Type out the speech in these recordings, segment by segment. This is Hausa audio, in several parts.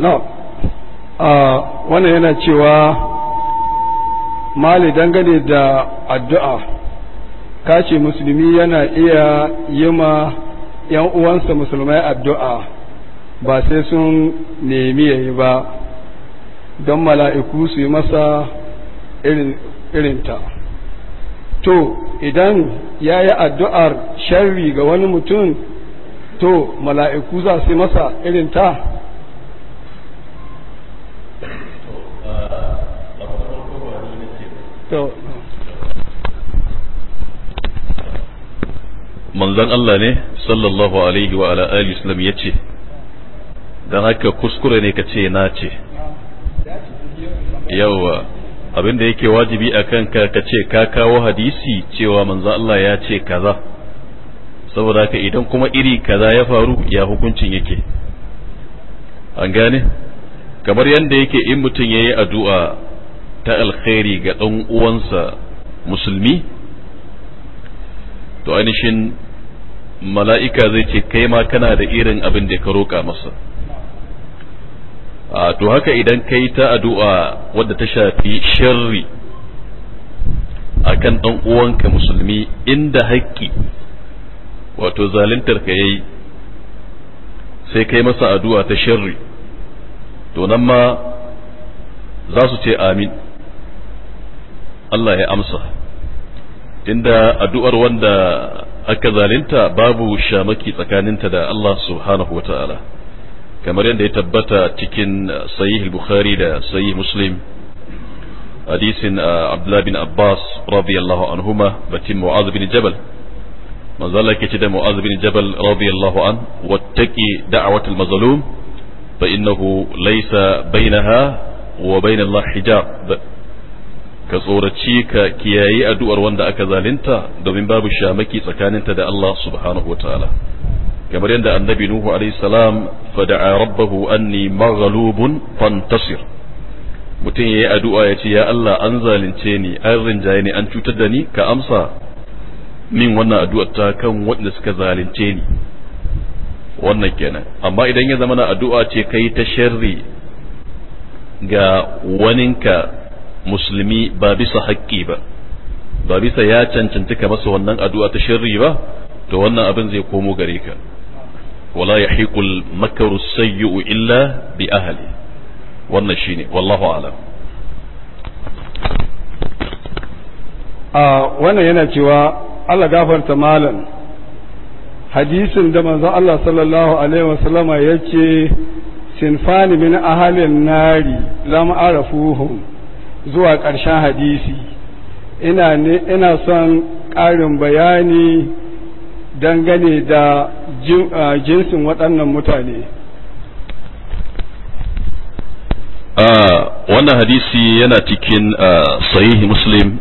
no ah, wannan yana cewa mali dangane da addu'a kashi musulmi yana iya yi ma yan uwansa musulmai addu'a ba sai sun nemi ya yi ba don mala'iku su yi masa irinta to idan ya yi addu'ar sharri ga wani mutum to mala'iku za su yi masa irinta Allah ne sallallahu alaihi wa ala alihi wasallam ya ce haka kuskure ne ka ce na ce yawa abin da yake wajibi a kanka ka ce ka kawo hadisi cewa manzo Allah ya ce kaza saboda haka idan kuma iri kaza ya faru ya hukuncin yake an gane kamar yadda yake in mutum ya yi addu'a ta alkhairi ga ɗan uwansa musulmi to ainihin mala'ika zai ce kai ma kana da irin abin da ka roƙa masa to haka idan kai ta addu'a wadda ta shafi sharri akan ɗan uwanka musulmi inda haƙƙi wato zaluntar ka yayi sai kai masa addu'a ta sharri to nan ma za su ce amin Allah ya amsa inda addu'ar wanda aka zalinta babu shamaki tsakaninta da Allah subhanahu wa ta'ala kamar yadda ya tabbata cikin uh, sahih bukhari da sahih muslim hadisin uh, Abdullahi bin abbas radiyallahu anhuma batin mu'az bin jabal manzo Allah ce da mu'az bin jabal radiyallahu an wattaqi da'watul mazlum fa innahu laysa bainaha wa bainallah hijab ka tsoraci ka kiyaye addu'ar wanda aka zalunta domin babu shamaki tsakaninta da Allah subhanahu wataala kamar yadda annabi nuhu alayhi salam fada'a rabbahu anni maghlubun fantasir mutum yayi addu'a yace ya Allah an zalunce ni an rinjaye ni an cutar da ni ka amsa min wannan addu'ar ta kan wanda suka zalunce ni wannan kenan amma idan ya zama na addu'a ce kai ta sharri ga waninka musulmi ba bisa haƙƙi ba ba bisa ya cancanci ka masa wannan addu'a ta sharri ba to wannan abin zai komo gare ka wala yahiqul makaru sayyi'u illa bi ahli wannan shine wallahu a'lam a wannan yana cewa Allah gafarta malam hadisin da manzon Allah sallallahu alaihi wasallama yace sinfani min ahalin nari lam arafuhum zuwa ƙarshen hadisi ina ina son ƙarin bayani dangane da jinsin waɗannan mutane wannan hadisi yana cikin sahihi muslim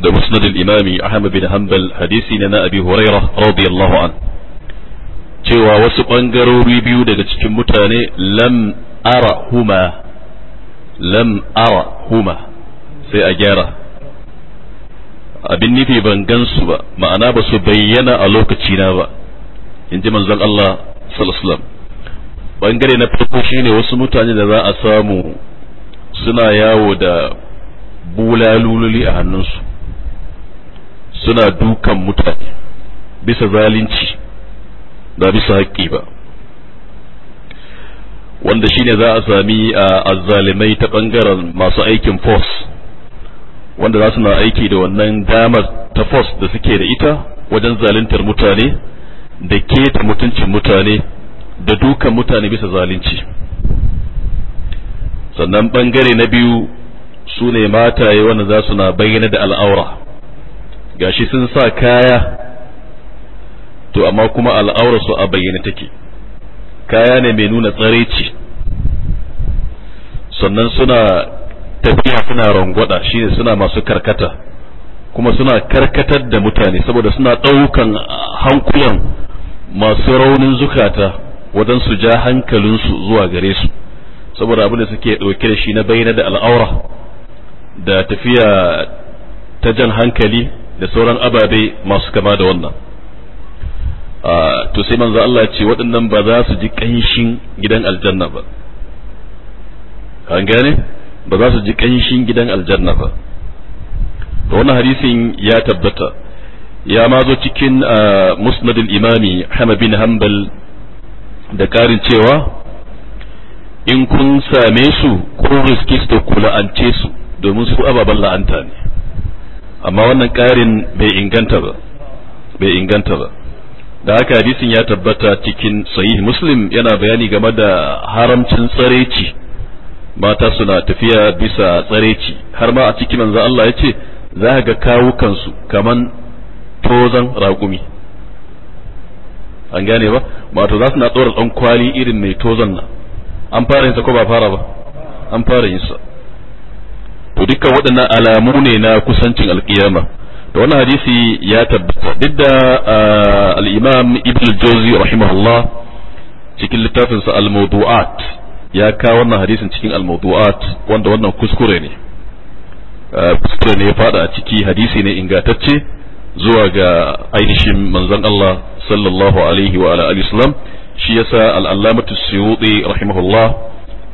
da musnadin imami ahmad bin hanbal hadisi ne na abi huraira radiyallahu an cewa wasu ɓangarori biyu daga cikin mutane lam arahuma lam ara huma sai a gyara abin nufi ban gansu ba ma'ana ba su bayyana a lokaci na ba in ji manzon Allah sallallahu bangare na farko shine wasu mutane da za a samu suna yawo da bulalululi a hannunsu suna dukan mutane bisa zalunci da bisa haƙƙi ba wanda shine za a sami a azzalimai ta bangaren masu aikin force wanda za su na aiki da wannan damar ta force da suke da ita wajen zaluntar mutane da keta mutuncin mutane da dukan mutane bisa zalunci sannan bangare na biyu su ne mataye wanda za su na bayyana da al'aura gashi sun sa kaya to amma kuma al'aura su a bayyana take kaya ne mai nuna tsareci sannan suna tafiya suna rangwada shine suna masu karkata kuma suna karkatar da mutane saboda suna ɗaukan hankulan masu raunin zukata wajen su ja hankalinsu zuwa gare su saboda abin da suke ɗauke da shi na bayyana da al'aura da tafiya ta jan hankali da sauran ababe masu kama da wannan Ah, to sai manzo Allah ce waɗannan ba za su ji ƙanshin gidan aljanna ba an gane ba za su ji ƙanshin gidan aljanna ba to wannan hadisin ya tabbata ya ma zo cikin ah, musnad imami Ahmad bin Hanbal da ƙarin cewa in kun same su ko riski su la'ance ce su domin su ababen la'anta ne amma wannan ƙarin bai inganta ba bai inganta ba da haka hadisin ya tabbata cikin sahih muslim yana bayani game da haramcin tsareci mata suna tafiya bisa tsareci har ma a cikin manzo Allah ya ce za ga kawukansu kaman tozan raƙumi an gane ba wato za su na tsoron ɗan kwali irin mai tozan nan an fara yinsa ko ba fara ba an fara yinsa to dukkan waɗannan alamu ne na kusancin alƙiyama to wannan hadisi ya tabbata duk da al-imam ibn al rahimahullah cikin littafin sa al-mawdu'at ya kawo wannan hadisin cikin al-mawdu'at wanda wannan kuskure ne kuskure ne ya fada a ciki hadisi ne ingantacce zuwa ga ainihin manzon Allah sallallahu alaihi wa ala alihi wasallam shi yasa al-allamatu suyuti rahimahullah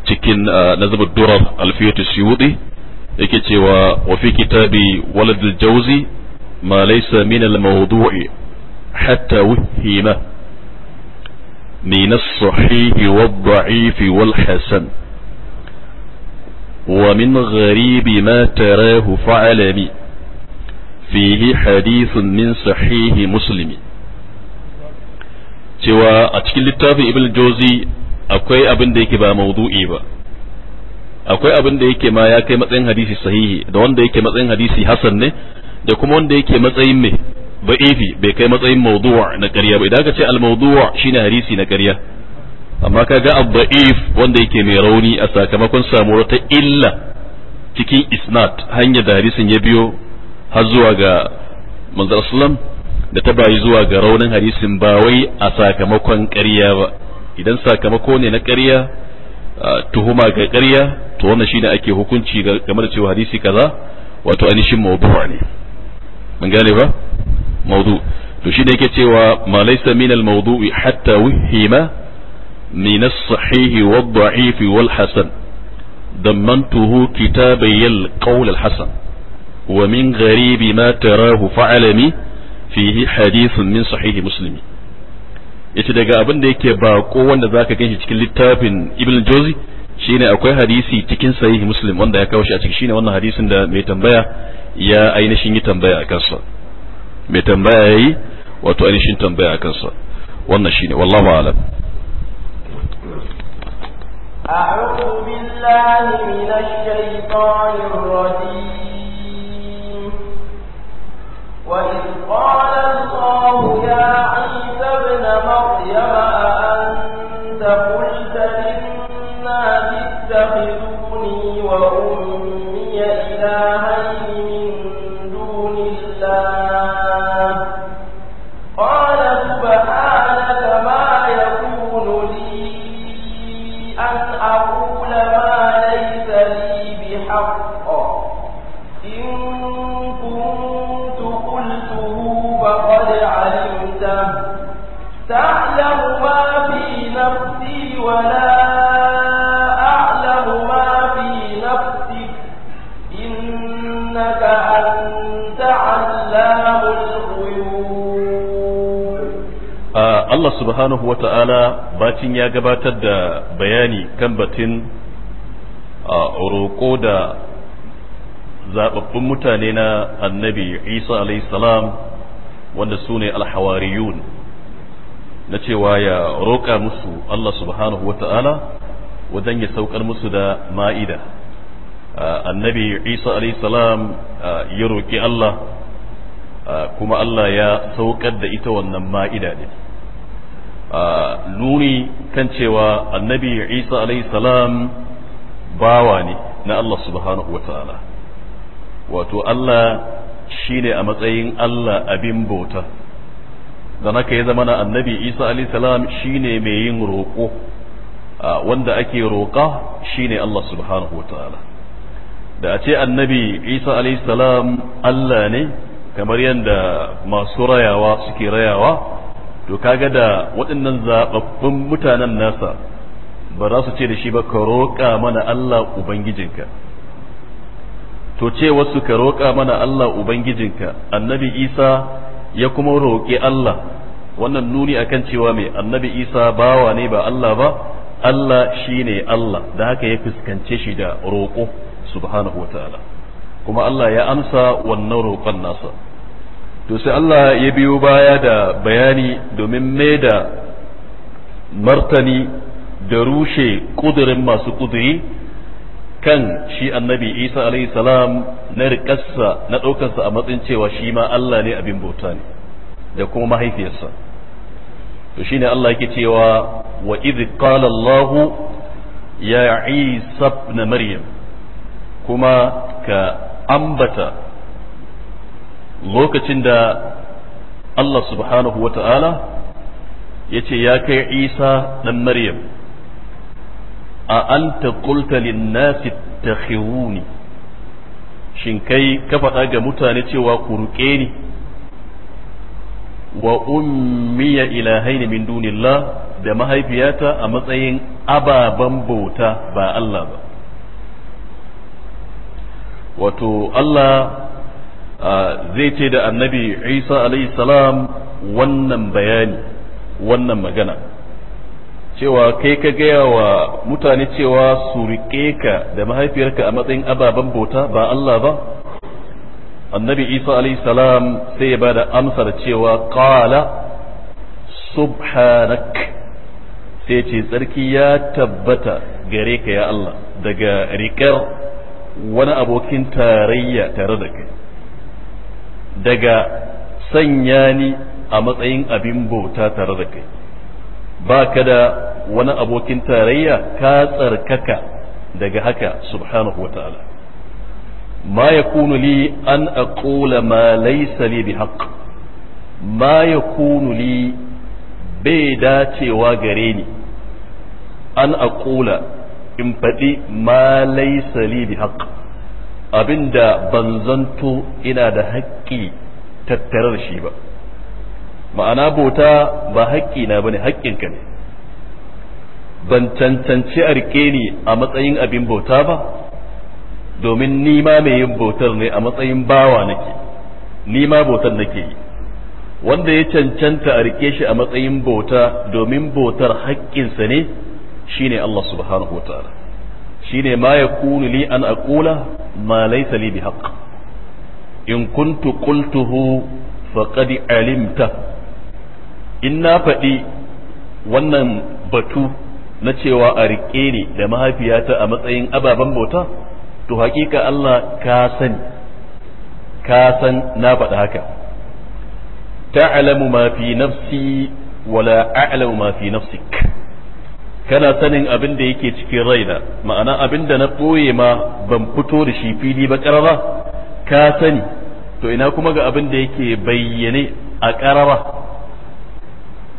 cikin nazabud durar alfiyatu suyuti yake cewa wa fi kitabi waladul jawzi ما ليس من الموضوع حتى وهمه من الصحيح والضعيف والحسن ومن غريب ما تراه فعلمي فيه حديث من صحيح مسلم cewa a cikin littafin ibn jozi akwai abin da yake ba maudu'i ba akwai abin da yake ma ya kai matsayin hadisi sahihi da wanda yake matsayin hadisi hasan ne da kuma wanda yake matsayin mai ba'ifi bai kai matsayin mawdu'a na ƙarya ba idan ka ce al-mawdu'a shine hadisi na ƙarya amma ka ga daif wanda yake mai rauni a sakamakon samuwar ta illa cikin isnad hanyar da hadisin ya biyo har zuwa ga manzon sallam da ta bayi zuwa ga raunin hadisin ba wai a sakamakon ƙarya ba idan sakamako ne na ƙarya tuhuma ga ƙarya to wannan shine ake hukunci game da cewa hadisi kaza wato ainihin mawdu'a ne mun gane ba mawdu to shi ne yake cewa ma laysa min al mawdu'i hatta wuhima min as sahih wa dha'if wal hasan dammantuhu kitabay al qawl al hasan wa min gharib ma tarahu fa'alami fihi hadithun min sahih muslim yace daga abin da yake bako wanda zaka ganshi cikin littafin ibn jawzi shine akwai hadisi cikin sahih muslim wanda ya kawo shi a cikin shine wannan hadisin da mai tambaya ya ainihin yi tambaya a kansa mai tambaya yi wato ainihin tambaya a kansa wannan shine wallahu alam أعوذ بالله من الشيطان subhanahu wa ta'ala bacin ya gabatar da bayani kan batun roƙo da zaɓaɓɓun mutane na annabi isa salam wanda su ne alhawariyun na cewa ya roƙa musu Allah subhanahu wa ta'ala wajen ya saukar musu da ma'ida annabi isa salam ya roƙi Allah kuma Allah ya saukar da ita wannan ma'ida ne nuni kan cewa annabi isa alaihi salam bawa ne na Allah subhanahu wa ta'ala wato Allah shi ne a matsayin Allah abin bauta da naka ya zama na annabi isa alaihi salam shi ne mai yin roƙo wanda ake roƙa shi ne Allah subhanahu wa ta'ala da a ce annabi isa alaihi salam Allah ne kamar yadda masu rayawa suke rayawa to kaga da waɗannan zaɓaɓɓun mutanen nasa ba za su ce da shi ba ka roƙa mana Allah ubangijinka to ce wasu ka roƙa mana Allah ubangijinka annabi Isa ya kuma roƙi Allah wannan nuni akan cewa mai annabi Isa bawa ne ba Allah ba Allah shine Allah da haka ya fuskance shi da roƙo subhanahu wa ta'ala kuma Allah ya amsa wannan roƙon nasa to sai Allah ya biyo baya da bayani domin mai da martani da rushe kudurin masu kuduri kan shi annabi isa alaihi salam na rikarsa na ɗaukarsa a matsayin cewa shi ma Allah ne abin bauta ne da kuma mahaifiyarsa to shine Allah yake cewa wa idh qala Allah ya isa ibn maryam kuma ka ambata lokacin da Allah subhanahu wa ta'ala ya ce ya kai Isa ɗan Maryam a anta qulta nasi takhiruni shin kai ka faɗa ga mutane cewa ku ruƙe ni wa ummiya ilahaini min dunillah da mahaifiyata a matsayin ababen bauta ba Allah ba wato Allah zai ce da annabi isa alaihi salam wannan bayani wannan magana cewa kai ka gaya wa mutane cewa su riƙe ka da mahaifiyarka a matsayin ababen bota ba Allah ba annabi isa salam sai ya ba da amsar cewa qala subhanak sai ce tsarki ya tabbata gare ka ya Allah daga riƙar wani abokin tarayya tare da kai daga sanya ni a matsayin abin bauta tare da kai ba ka da wani abokin tarayya ka tsarkaka daga haka subhanahu wa ta'ala ma yakunu li an aqula ma laysa li bihaqq ma yakunu li bai dacewa gare ni an aqula in faɗi ma laysa li abinda ban zanto ina da haƙƙi tattarar shi ba ma'ana bota ba haƙƙi na bane haƙƙinka ne ban cancanci a ni a matsayin abin bota ba domin ni ma mai yin botar ne a matsayin bawa nake ni ma nake yi wanda ya cancanta a rike shi a matsayin bota domin botar haƙƙinsa ne shine Allah subhanahu wa ta'ala shine ma kunu li an aqula ma laysa li bihaq in kuntu qultuhu faqad alimta in na faɗi wannan batu na cewa a riƙe ni da mahaifiyata a matsayin ababen bauta to haƙiƙa Allah ka sani ka san na faɗi haka ta'lamu ma fi nafsi wala a'lamu ma fi nafsik kana sanin abin da yake cikin raina ma'ana abin da na ɓoye ma ban fito da shi fili ba ƙarara ka sani to ina kuma ga abin da yake bayyane a ƙarara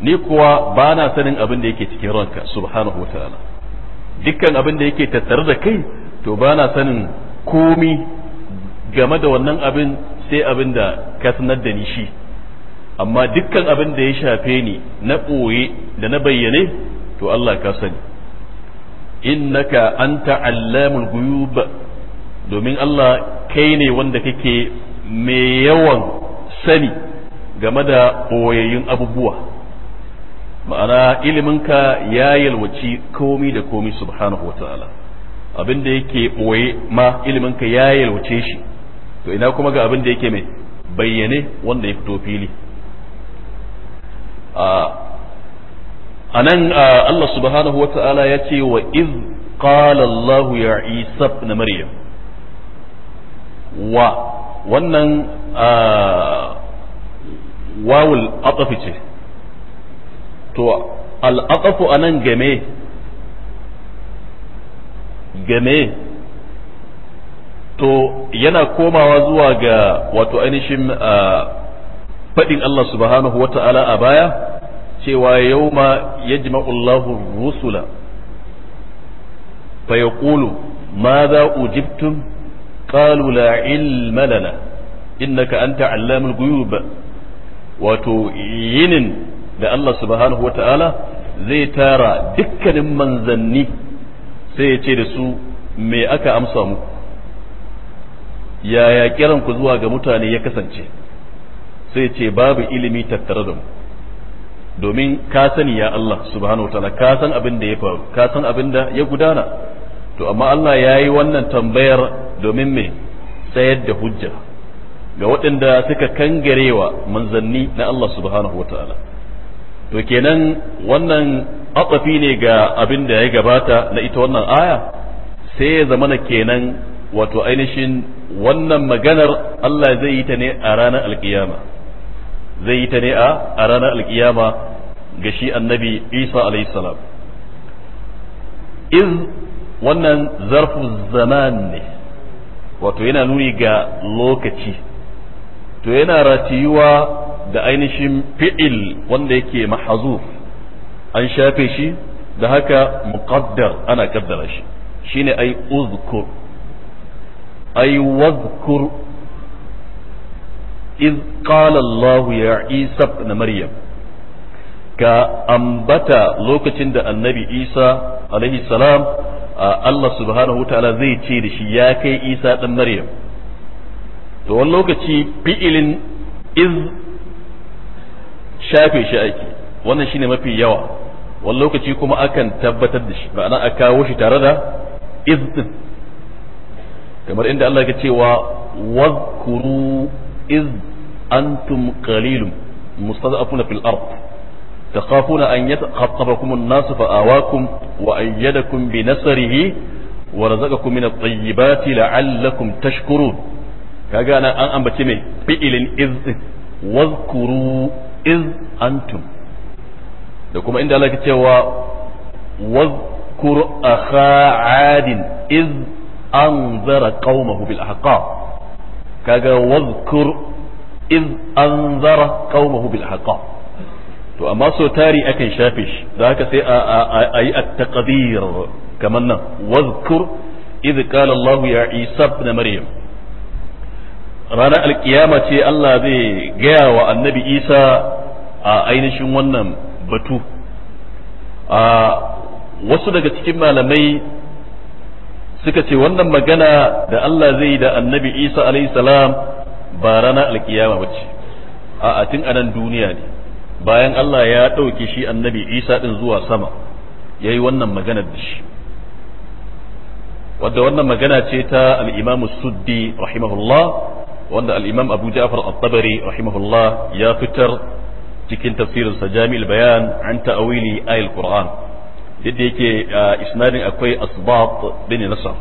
ni kuwa ba na sanin abin da yake cikin ranka subhanahu wataala dukkan abin da yake tattare da kai to ba na sanin komi game da wannan abin sai abin da ka sanar da ni shi amma dukkan abin da ya shafe ni na ɓoye da na bayyane to Allah ka sani innaka anta allamul guyub domin Allah kai ne wanda kake mai yawan sani game da ɓoyayyun abubuwa ma'ana iliminka ya yalwaci komi da komi subhanahu wa ta'ala abin da yake ɓoye ma iliminka ya yalwace shi to ina kuma ga abin da yake mai bayyane wanda ya fito fili ah, anan ah, Allah subhanahu ta'ala ya ce wa iz qala Allah ya Isa na Maryam wa wannan ah, wawul atafi ce to al'atafu nan game game to yana komawa zuwa ga wato ainihin ah, faɗin Allah subhanahu wa ta'ala a baya cewa ma ya jima'ullahu rusula fa yaqulu madha ujibtum qalu la ilma lana innaka anta allamul ghuyub wato yinin da Allah subhanahu wata'ala zai tara dukkanin manzanni sai ya ce da su me aka amsa mu? yaya kiran zuwa ga mutane ya kasance sai ce babu ilimi tattare da mu domin ka sani ya Allah subhanahu wa ta'ala ka san abin da ya faru ka san abin da ya gudana to amma Allah ya yi wannan tambayar domin me tsayar da hujja ga waɗanda suka kangarewa manzanni na Allah subhanahu wa ta'ala to kenan wannan atsafi ne ga abin da ya gabata na ita wannan aya sai ya zamana kenan wato ainihin wannan maganar Allah zai yi ta ne a ranar alƙiyama. zai yi ta ne a ranar alkiyama ga shi annabi isa alaihissalam iz wannan zarfu zaman ne wato yana nuni ga lokaci to yana ratiyuwa da ainihin fi'il wanda yake mahazuf an shafe shi da haka muqaddar ana kaddara shi shine ai uzkur ai wazkur iz qala Allah ya Isa ibn Maryam ka ambata lokacin da annabi isa alaihi salam Allah subhanahu ta'ala zai ce da shi ya kai isa ɗan maryam to wani lokaci fi'ilin iz shafe shi ake wannan shine mafi yawa wani lokaci kuma akan tabbatar da shi ma'ana a kawo shi tare da iz din kamar inda Allah ke cewa wazkuru iz antum qalilum mustad'afuna fil ard تخافون أن يتخطفكم الناس فآواكم وأيدكم بنصره ورزقكم من الطيبات لعلكم تشكرون kaga nan an ambaci mai fi'ilin iz wazkuru iz antum da kuma inda Allah ke cewa wazkur akha adin iz anzara qaumahu bil ahqaf kaga wazkur iz anzara to amma so tari akan shafe shi da haka sai a yi at-taqdir kamar nan wazkur idh qala Allah ya Isa ibn Maryam ranar alkiyama ce Allah zai gaya wa annabi Isa a ainihin wannan batu a wasu daga cikin malamai suka ce wannan magana da Allah zai da annabi Isa salam ba ranar alkiyama ba a tun anan duniya ne bayan Allah ya ɗauke shi annabi Isa ɗin zuwa sama ya yi wannan maganar da shi wadda wannan magana ce ta al'imamu suddi rahimahullah wanda al'imam abu ja'far al-tabari rahimahullah ya fitar cikin tafsirinsa jami'il bayan an ta'awili ayil qur'an yadda yake isnadin akwai asbab bin nasar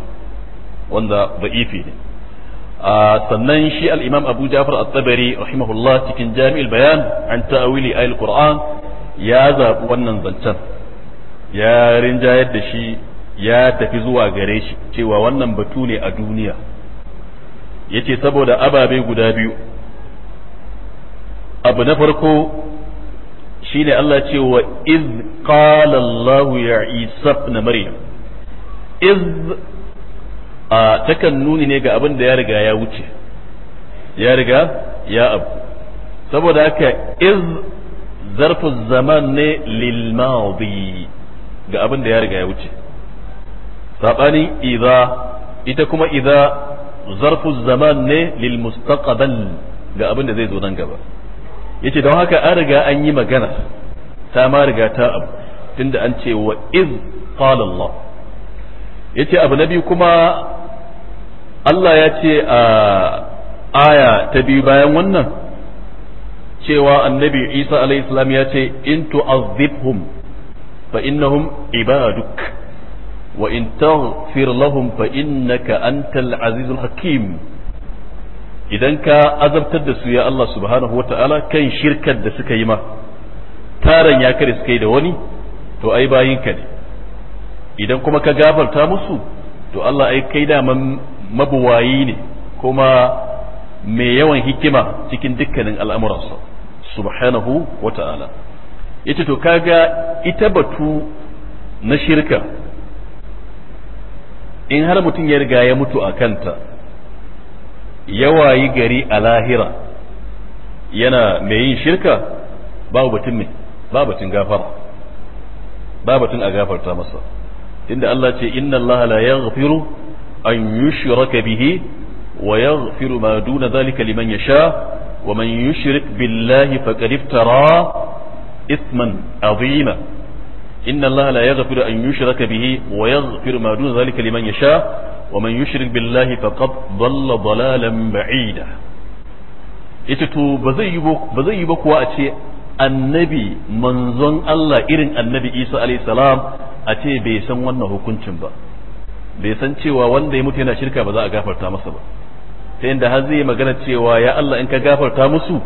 wanda da'ifi ne sannan shi al-imam abu jafar at-tabari rahimahullah cikin jami'il bayan an ta'awili ayil qur'an ya zaɓi wannan zancen ya rinjayar da shi ya tafi zuwa gare shi cewa wannan batu ne a duniya yace saboda ababe guda biyu abu na farko shine Allah ce wa iz qala ya Isa na Maryam iz a takan nuni ne ga abin da ya riga ya wuce ya riga ya abu saboda haka iz zarfu zaman ne lil madi ga abin da ya riga ya wuce sabanin idza ita kuma idza zarfu zaman ne lil ga abin da zai zo nan gaba yace don haka an riga an yi magana ta ma riga ta abu tunda an ce wa iz qala Allah yace abu na biyu kuma Allah ya ce a aya ta biyu bayan wannan cewa annabi Isa alaihissalam ya ce in tu'azzibhum fa innahum ibaduk wa in taghfir lahum fa innaka antal azizul hakim idan ka azabtar da su ya Allah subhanahu wata'ala kan shirkar da suka yi ma taran ya kare suka da wani to ai bayinka ne idan kuma ka gafarta musu to Allah ai kai daman mabuwayi ne kuma mai yawan hikima cikin dukkanin al'amuransa subhanahu wa ta'ala yace to kaga ita batu na shirka in har mutum ya riga ya mutu a kanta yawayi gari a lahira yana mai yin shirka babu batun mai babatun gafara babatun a gafarta masa inda Allah ce inna Allah la yaghfiru an yushraka bihi wa yaghfiru ma duna zalika liman yasha wa man yushrik billahi faqad iftara isman azima inna allaha la yaghfiru an yushraka bihi wa yaghfiru ma duna zalika liman yasha wa man yushrik billahi faqad dhalla dhalalan ba'ida ita to ba zai yi ba kuwa a ce annabi manzon Allah irin annabi Isa alayhi salam a ce bai san wannan hukuncin ba bai san cewa wanda ya mutu yana shirka ba za a gafarta masa ba ta yadda har zai magana cewa ya Allah in ka gafarta musu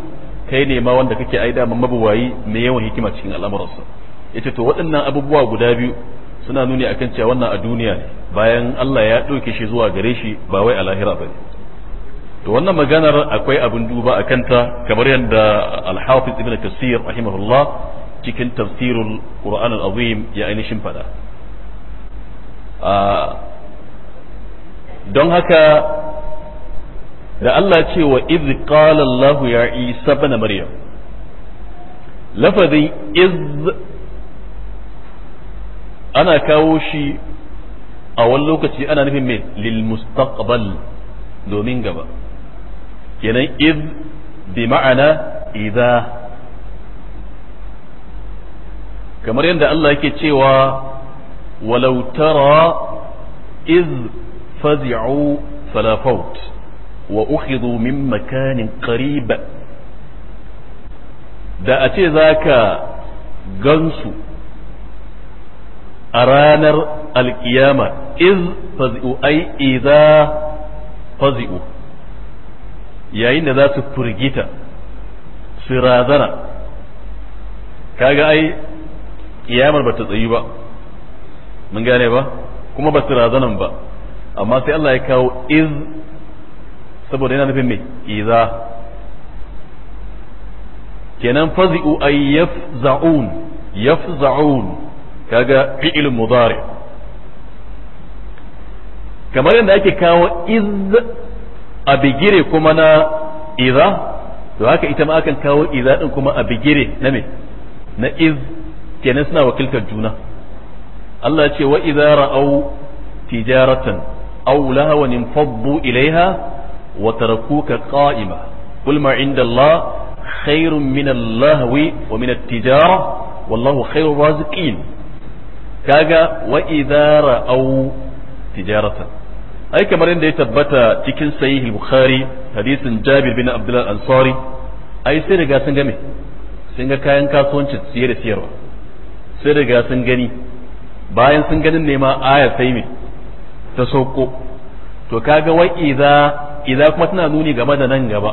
kai ne ma wanda kake aida ma mabuwayi mai yawan hikima cikin al'amuransa yace to waɗannan abubuwa guda biyu suna nuni akan cewa wannan a duniya ne bayan Allah ya ɗauke shi zuwa gare shi ba wai a lahira ba ne to wannan maganar akwai abin duba a kanta kamar yadda al-hafiz ibn kasir rahimahullah cikin tafsirul qur'an al-azim ya ainihin fada ah, don haka da Allah ce wa iz qala Allah ya Isa ibn Maryam lafazin iz ana kawo shi a wani lokaci ana nufin mai lil mustaqbal domin gaba kenan iz bi ma'ana idza kamar yadda Allah yake cewa walau tara iz فزعوا فلا فوت وأخذوا من مكان قريب da a ce za ka gansu a ranar alkiyama iz fazi'u ai iza fazi'u yayin da za su firgita su razana kaga ai kiyamar ba ta tsayi ba mun gane ba kuma ba su razanan ba amma sai Allah ya kawo iz saboda yana nufin me iza kenan fazi'u ay yafza'un yafza'un kaga fi'il mudari kamar yadda ake kawo iz a bigire kuma na iza to haka ita ma akan kawo iza din kuma a bigire na me na iz kenan suna wakiltar juna Allah ce wa idza ra'au tijaratan aw lahwan infaddu ilayha wa tarakuka qa'ima qul ma inda Allah khairun min al wa min at-tijara wallahu khairur raziqin kaga wa idza ra'aw tijaratan ai kamar inda ya tabbata cikin sahih bukhari hadisin jabir bin abdullah ansari ai sai riga sun game sun ga kayan kasuwancin siye da siyarwa sai gani bayan sun ganin ne ma aya sai ta sauko to kaga wa idza idza kuma tana nuni game da nan gaba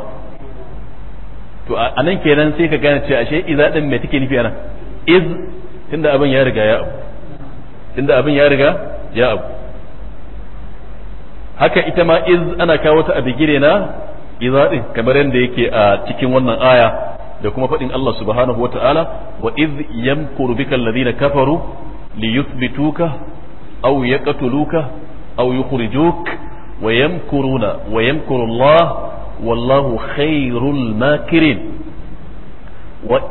to a nan kenan sai ka gane cewa ashe idza din me take nufi anan iz tunda abin ya riga ya abu tunda abin ya riga ya abu haka ita ma iz ana kawo ta a bigire na idza din kamar yadda yake a cikin wannan aya da kuma faɗin Allah subhanahu wata'ala wa iz yamkuru bika alladhina kafaru liyuthbituka aw yaqtuluka aw yukhrijuk Allah khairul makirin wa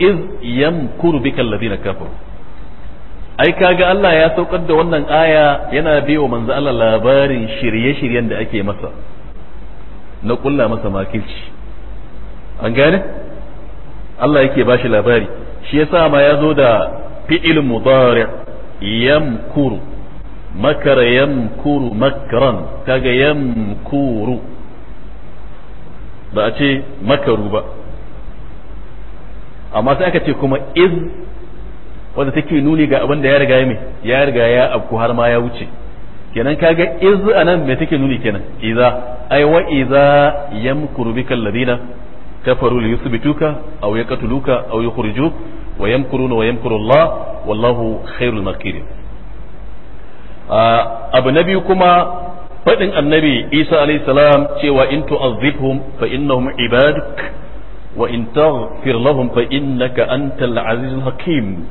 Allah ya saukar da wannan aya yana biyo manzo Allah labarin shirye-shiryen da ake masa na kulla masa makirci an gane Allah yake bashi labari shi yasa ma ya zo da fi'il makara yamkuru makaran kaga yamkuru ba a ce makaru ba amma sai aka ce kuma iz wanda take nuni ga abin da ya riga mai ya riga ya abku har ma ya wuce kenan kaga iz nan me take nuni kenan iza ai wa iza yamkuru bika alladina kafaru li yuthbituka aw yaqtuluka aw yukhrijuk wa yamkuruna wa yamkuru Allah wallahu khairul makirin Ah, abu na biyu kuma faɗin annabi isa alayhi salam cewa in tu'azzibhum fa innahum ibaduk wa in taghfir lahum fa innaka antal azizul hakim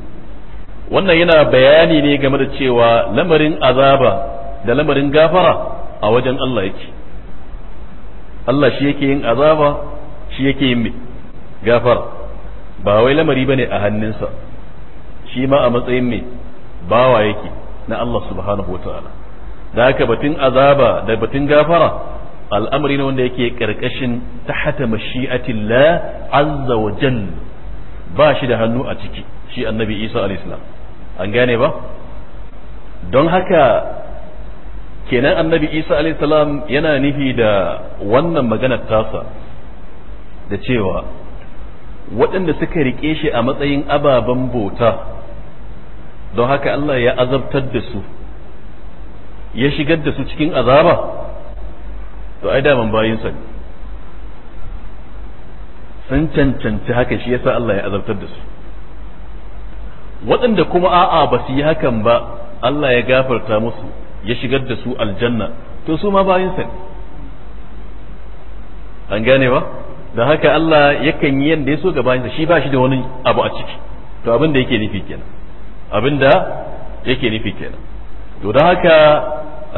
wannan yana bayani ne game da cewa lamarin azaba da lamarin gafara a wajen Allah yake Allah shi yake yin azaba shi yake yin gafara ba wai lamari bane a hannunsa shi ma a matsayin mai bawa yake na Allah subhanahu wataala da haka batun azaba da batun gafara al'amari ne wanda yake karkashin tahata mashi'atillah azza wa ba shi da hannu a ciki shi annabi Isa alayhi an gane ba don haka kenan annabi Isa alayhi yana nufi da wannan maganar tasa da cewa waɗanda suka riƙe shi a matsayin ababen bauta don haka Allah ya azabtar da su ya shigar da su cikin azaba to ai da ban bayinsa ne sun cancanci haka shi yasa Allah ya azabtar da su waɗanda kuma a'a ba su yi hakan ba Allah ya gafarta musu ya shigar da su aljanna to su ma bayinsa ne an gane ba da haka Allah yakan yi yadda ya so ga bayinsa shi ba shi da wani abu a ciki to abin da yake nufi kenan abinda yake nufi kenan to don haka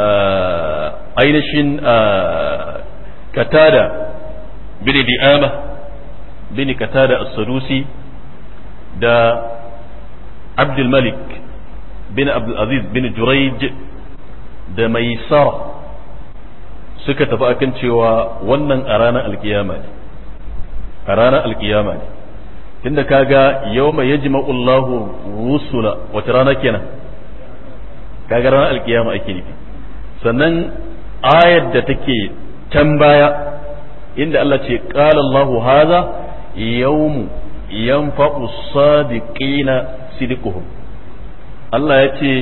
eh, ainihin eh, katada bin di'ama bin katada as-sadusi da abdul malik bin abdul aziz bin juraij da maisara suka tafi akan cewa wannan a ranar alkiyama ne a ranar alkiyama ne tunda kaga yawma yajma'u Allahu rusula wata rana kenan kaga ranar alkiyama ake nufi sannan ayar da take can baya inda Allah ce qala Allahu hadha yawmu yanfa'u sadiqina sidquhum Allah ya ce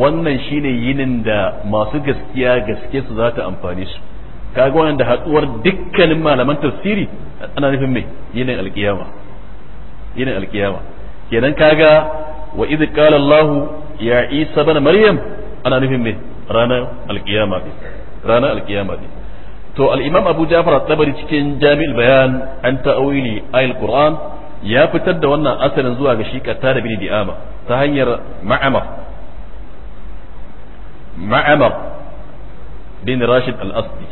wannan shine yinin da masu gaskiya gaske su za ta amfani su kaga wannan da haɗuwar dukkanin malaman tafsiri ana nufin mai yinin alkiyama yinin alkiyama kenan kaga wa idh qala Allah ya Isa ibn Maryam ana nufin me ranar alkiyama ne ranar alkiyama ne to al-Imam Abu Ja'far at-Tabari cikin Jami'ul Bayan an ta'awili ayil Qur'an ya fitar da wannan asalin zuwa ga shi da bin Di'ama ta hanyar Ma'amar Ma'amar bin Rashid al-Asdi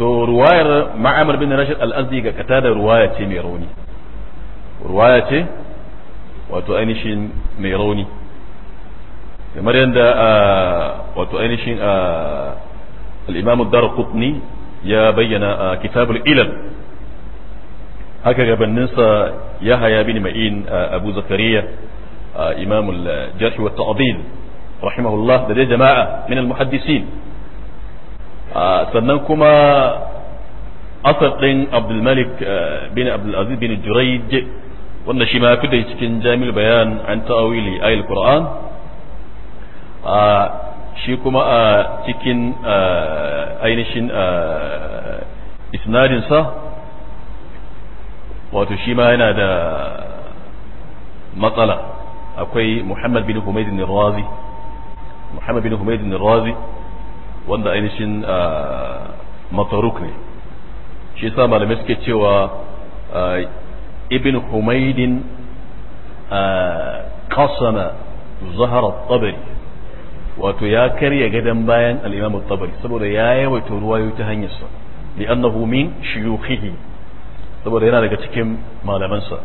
to ruwayar ma'amar bin rashid al-azdi ga kata da ruwaya ce mai rauni ruwaya ce wato ainihin mai rauni kamar yadda wato ainihin al'imam dar kutni ya bayyana a kitabul ilal haka gabaninsa ya haya bin ma'in abu zakariya imam al-jashi wa ta'adil rahimahullah da dai jama'a min al-muhaddisin sannan kuma asar ɗin abdulmalik bin abdulaziz bin juraij wanda shi ma ya fita cikin jamil bayan an ta'awili ayil qur'an a shi kuma a cikin ainihin isnadinsa wato shi ma yana da matsala akwai muhammad bin humaydin razi muhammad bin humaydin razi wanda ainihin mataruk ne shi sa malamai suke cewa ibn humaydin qasama zahar tabari wato ya karya gadon bayan alimamu imam tabari saboda ya yawaita yau ta hanyarsa. sa li'annahu min shuyukhihi saboda yana daga cikin malamansa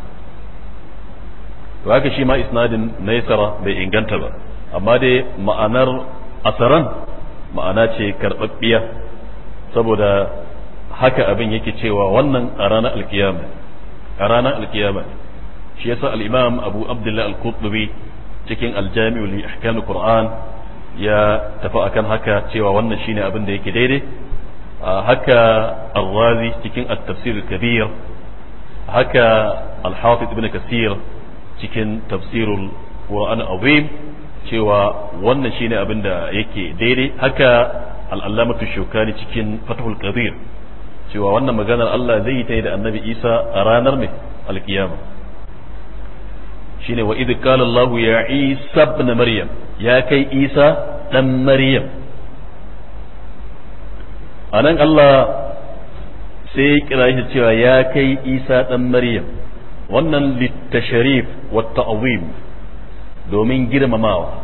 to haka shi ma isnadin naisara bai inganta ba amma dai ma'anar asaran ma'ana ce karɓaɓɓiya saboda haka abin yake cewa wannan a ranar alkiyama a ranar alkiyama shi yasa al-imam abu abdullah al-qutbi cikin al-jami'u li ahkam al-qur'an ya tafi akan haka cewa wannan shine abin da yake daidai haka al-razi cikin at-tafsir al-kabir haka al-hafiz ibn kasir cikin tafsirul qur'an azim cewa wannan shine abin da yake daidai haka al-allamatu shukani cikin fathul kabir. cewa wannan maganar Allah zai yi ta yi da annabi Isa a ranar ne alkiyama shine wa idh qala Allah ya Isa ibn Maryam ya kai Isa dan Maryam anan Allah sai ya kira shi cewa ya kai Isa dan Maryam wannan littasharif wa ta'zim domin girmamawa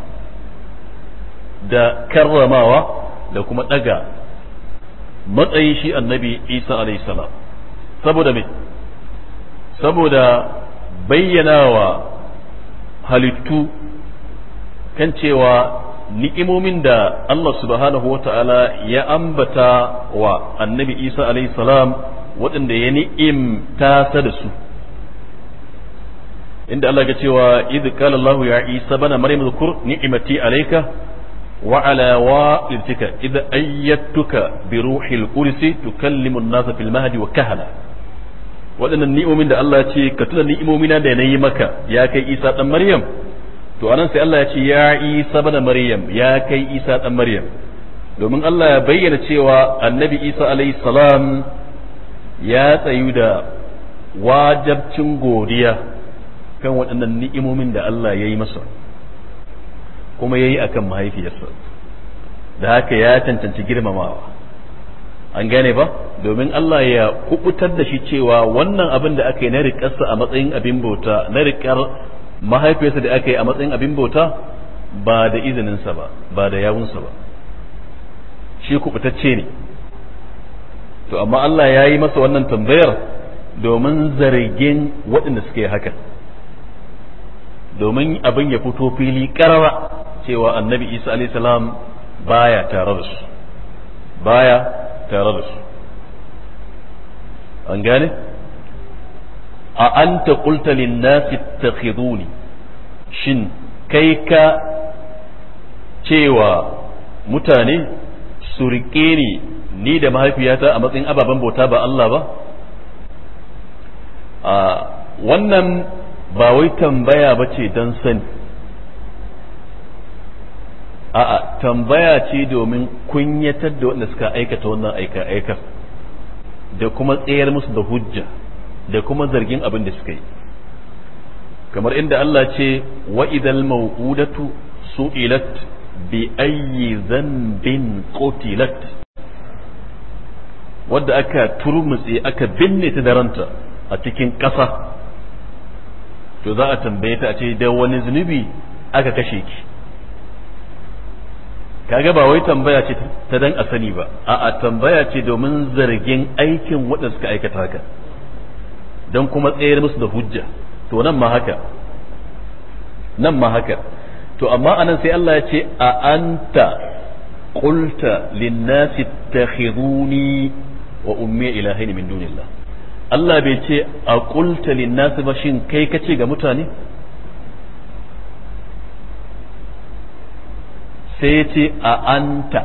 da karramawa da kuma daga matsayin shi annabi isa alaihi salam saboda me saboda bayyanawa halittu kan cewa ni'imomin da Allah subhanahu wa ta'ala ya ambata wa annabi isa alaihi salam waɗanda ya ni'imta sa da su inda Allah ga cewa idu qala Allah ya isa bana maryam zkur ni'imati alayka وعلى وائرتك إذا أيدتك بروح القدس تكلم الناس في المهد وكهلا waɗannan ni'omin da Allah ya ce ka tuna ni'imomina da na yi maka ya kai Isa ɗan Maryam to anan sai Allah ya ce ya Isa bana Maryam ya kai Isa ɗan Maryam domin Allah ya bayyana cewa annabi Isa alaihi salam ya tsayu da wajabcin godiya kan waɗannan ni'imomin da Allah ya yi masa kuma ya yayi akan mahaifiyarsa da haka ya cancanci girmamawa an gane ba domin Allah ya kubutar da shi cewa wannan abin da aka yi na riƙarsa a matsayin abin bauta na riƙar mahaifiyarsa da aka yi a matsayin abin bauta ba da izininsa ba ba da yawunsa ba shi kubutacce ne to amma Allah ya yi masa wannan tambayar domin zargin waɗanda suke yi hakan domin abin ya fito fili ƙarara cewa annabi isa alayhi baya tare da su baya tare da su an gane a an qulta lin nasi shin kai ka cewa mutane su riƙe ni ni da mahaifiyata a matsayin ababen bauta ba Allah ba wannan ba wai tambaya ba ce don sani a'a tambaya ce domin kunyatar da wanda suka aikata wannan aika aikar da kuma tsayar musu da hujja da kuma zargin abin da suka yi kamar inda Allah ce wa idal maw'udatu su'ilat bi ayyi dhanbin qutilat wadda aka turmutse aka binne ta daranta a cikin ƙasa to za a tambaye ta a ce da wani zunubi aka kashe ki kaga ba wai tambaya ce ta dan a sani ba a'a tambaya ce domin zargin aikin waɗanda suka aikata haka don kuma tsayar musu da hujja to nan ma haka nan ma haka to amma anan sai Allah ya ce a anta qulta linnasi ittakhiduni wa ummi ilahin min dunillah Allah bai ce a qulta linnasi ba shin kai kace ga mutane sai ya ce a anta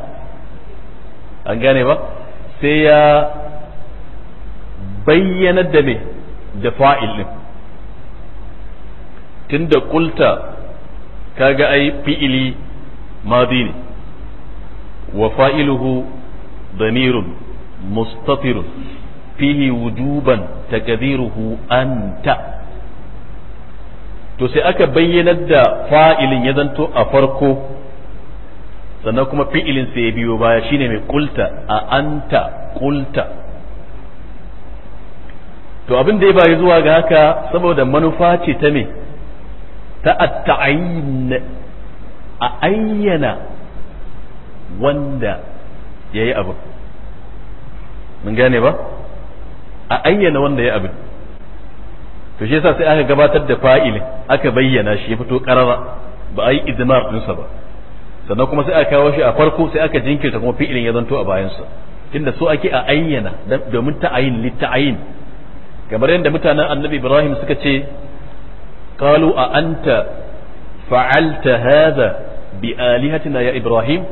an gane ba sai ya bayyanar da me da fa'il din tunda kulta kaga ai fi'ili madi ne wa fa'iluhu damirun mustatirun fihi wujuban takadiruhu anta to sai aka bayyanar da fa'ilin ya zanto a farko sannan kuma fi'ilin sa ya biyo baya shine mai kulta a anta kulta to abin da ya bayi zuwa ga haka saboda manufa ce ta me ta a ayyana wanda ya yi abin mun gane ba a ayyana wanda ya abin to shi yasa sai aka gabatar da fa'ilin aka bayyana shi ya fito karara ba a yi idmar ɗinsa ba sannan kuma sai a kawo shi a farko sai aka jinkirta kuma fi'ilin ya zanto a bayansa tunda so ake a ayyana domin ta'ayin litta'ayin kamar yadda mutanen annabi ibrahim suka ce qalu a anta fa'alta hadha bi alihatina ya ibrahim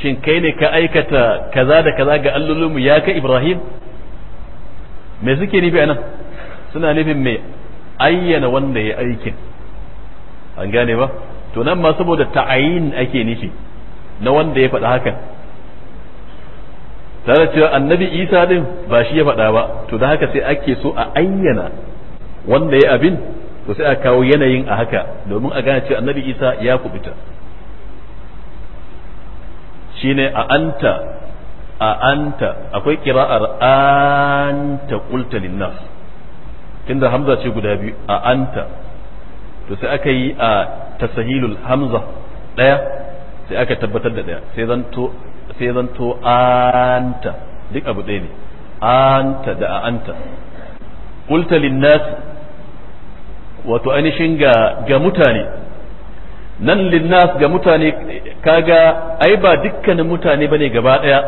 shin kai ne ka aikata kaza da kaza ga allolinmu ya ka ibrahim me suke nufi anan suna nufin mai ayyana wanda ya aikin an gane ba to nan ma saboda ta'ayin ake nufi na wanda ya faɗa hakan tare cewa annabi isa din ba shi ya faɗa ba to da haka sai ake so a ayyana wanda ya abin to sai a kawo yanayin a haka domin a gane cewa annabi isa ya kubuta shine a anta a anta akwai kira'ar anta qulta linnas tunda hamza ce guda biyu a anta to sai aka yi a tasahilul hamza daya sai aka tabbatar da daya sai zanto sai zanto anta duk abu ɗaya ne anta da anta qulta linnas wato ainihin ga ga mutane nan linnas ga mutane kaga ai ba dukkanin mutane bane gaba daya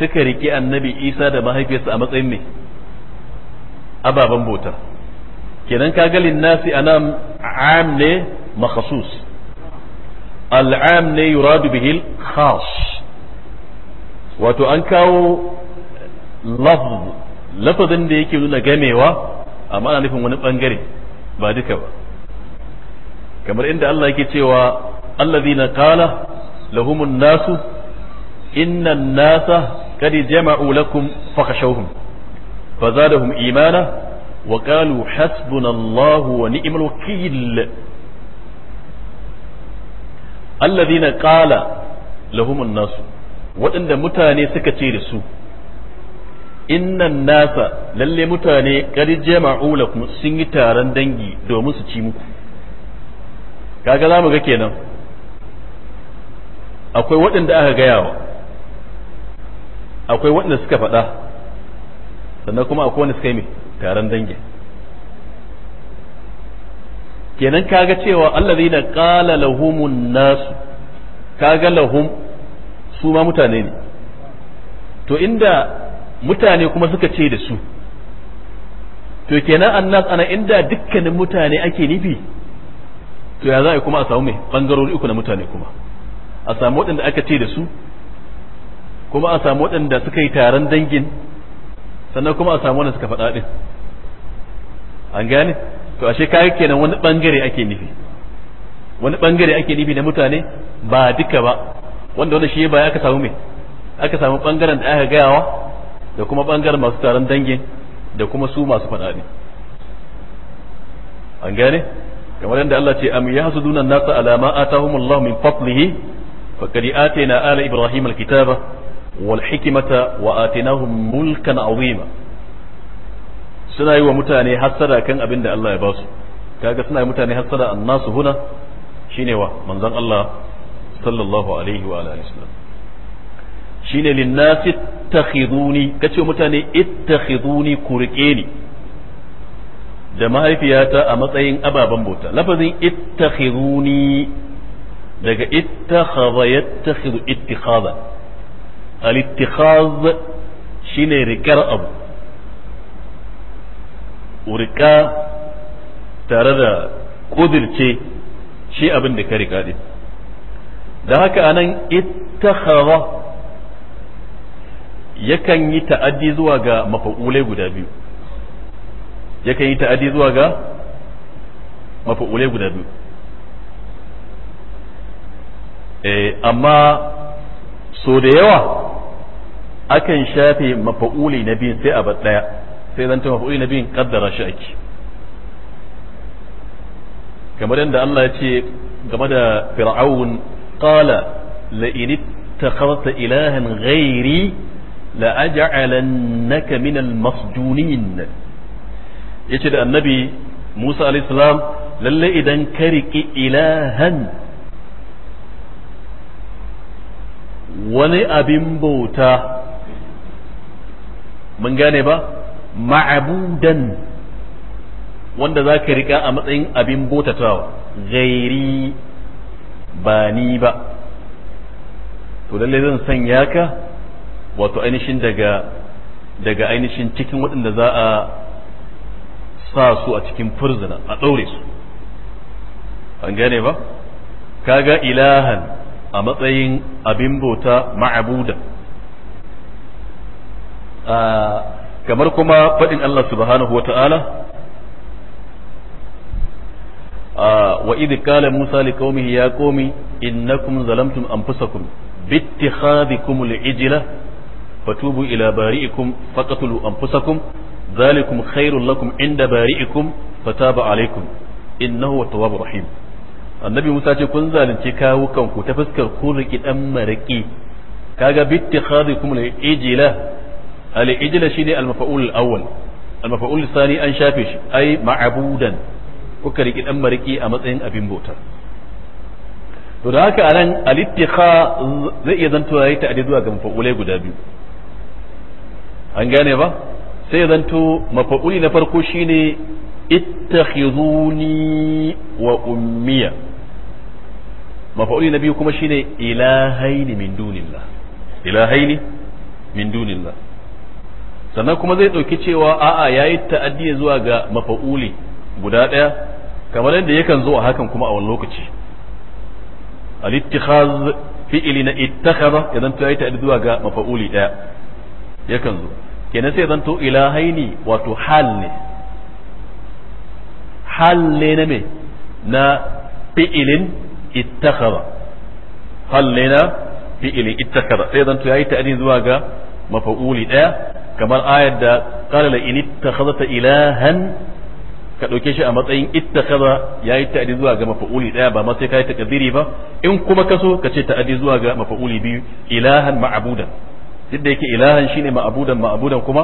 suka riƙi annabi isa da mahaifiyarsa a matsayin ne ababen bautar kenan kaga linnasi anan am ne makhasus al'am ne yuradu bihi khas wato an kawo lafz lafazin da yake nuna gamewa amma ana nufin wani bangare ba duka ba kamar inda Allah yake cewa allazina qala lahumun nasu inna nasa qad jama'u lakum fakhashawhum fazadahum imana وقالوا حسبنا الله ونعم الوكيل الذين قال لهم الناس suka متاني su. سوء innan nasa lalle mutane kadi jama'u lakum sun yi taron dangi domin su ci muku kaga za mu ga kenan akwai waɗanda aka gayawa akwai waɗanda suka faɗa sannan kuma akwai wanda suka yi mai taron dangin kenan kaga cewa allazina qala lahumun nas kaga lahum su ma mutane ne to inda mutane kuma suka ce da su to kenan annas ana inda dukkanin mutane ake nufi to ya za a kuma a samu mai bangarori uku na mutane kuma a samu waɗanda aka ce da su kuma a samu waɗanda suka yi taron dangin sannan kuma a samu wanda suka faɗa ɗin an gane to ashe kayan kenan wani bangare ake nufi wani bangare ake nufi da mutane ba duka ba wanda wanda shi ba aka samu me aka samu bangaren da aka gayawa da kuma bangaren masu taron dangin da kuma su masu faɗa ɗin an gane kamar yadda Allah ce am yahsuduna an-nasa alama atahumullahu min fadlihi faqad atayna ala Ibrahim Alkitaba. wal hikimata wa atinahum mulkan suna yi wa mutane hassada kan abin da Allah ya ba su kaga suna yi mutane hassada annasu huna shine wa manzon Allah sallallahu alaihi wa alihi wasallam shine linnasi ittakhiduni kace mutane ittakhiduni ku rike ni da mahaifiyata a matsayin ababen bauta lafazin ittakhiduni daga ittakhadha yattakhidhu ittikhadha al shine riƙar abu riƙa tare da kudirce shi abin da ka riƙa din da haka anan ittakhara yakan yi ta'addi zuwa ga mafa'ulai guda biyu yakan yi ta'addi zuwa ga mafa'ulai guda biyu amma so da yawa akan shafe mafa'uli na biyun sai a bar ɗaya sai zanta mafa'uli na biyun kaddara shi ake kamar yadda Allah ya ce game da fir'aun qala la in ittakhadhta ilahan ghairi la aj'alannaka min al-masjunin yace da annabi Musa alayhi salam lalle idan ka riki ilahan wani abin bauta mun gane ba ma'abudan wanda za ka riƙa a matsayin abin botatawa gairi ba ni ba to lallai zan sanya ka wato ainihin daga daga ainihin cikin waɗanda za a sa su a cikin furzina a ɗaure su an gane ba kaga ilahan a matsayin abin bota ma'abudan Ah, kamar kuma faɗin Allah subhanahu wa ta'ala ah, wa idh qala musa liqaumihi ya qaumi innakum zalamtum anfusakum باتخاذكم العجلة فتوبوا إلى annabi Musa ce kun zalunci kanku ta fuskar ku riki dan maraki kaga bittikhadikum al-ijla al-ijla shine al-mafa'ul awwal al-mafa'ul thani an shafe shi ai maabudan kuka riki dan mariki a matsayin abin bauta to da haka anan al-ittikha zai iya zanto yayi ta zuwa ga mafa'ulai guda biyu an gane ba sai ya zanto mafa'uli na farko shine ittakhizuni wa ummiya mafa'uli na biyu kuma shine ilahaini min dunillah ilahaini min dunillah sannan kuma zai ɗauki cewa a'a ya yi ta'addi zuwa ga mafa'uli guda ɗaya kamar yadda yakan zo a hakan kuma a wani lokaci al-ittikhaz fi'ili na ittakhadha idan to yi ta'addi zuwa ga mafa'uli ɗaya yakan zo kenan sai zanto ilahaini wato hal ne hal ne na me na fi'ilin ittakhadha hal ne na fi'ilin ittakhadha sai zanto yi ta'addi zuwa ga mafa'uli ɗaya kamar ayar da qala la in ittakhadhta ilahan ka dauke shi a matsayin ittakhadha yayi ta'adi zuwa ga mafa'uli daya ba ma sai kai takdiri ba in kuma kaso ka ce ta'adi zuwa ga mafa'uli biyu ilahan ma'budan duk da yake ilahan shine ma'budan ma'budan kuma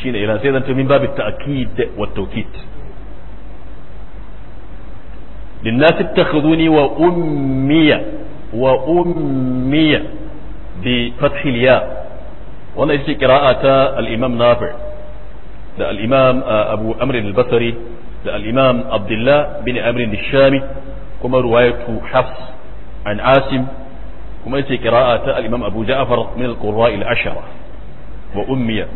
shine ilahan sai zanto min babit ta'kid wa tawkid للناس اتخذوني وأمي وأمي بفتح الياء wannan ita ce kira'a ta al-imam nafi da al uh, abu amr al-basri da al-imam abdullah bin amr al-shami kuma ruwayatu hafs an asim kuma ita ce kira'a ta al-imam abu ja'far min al-qurra al-ashara wa ummiya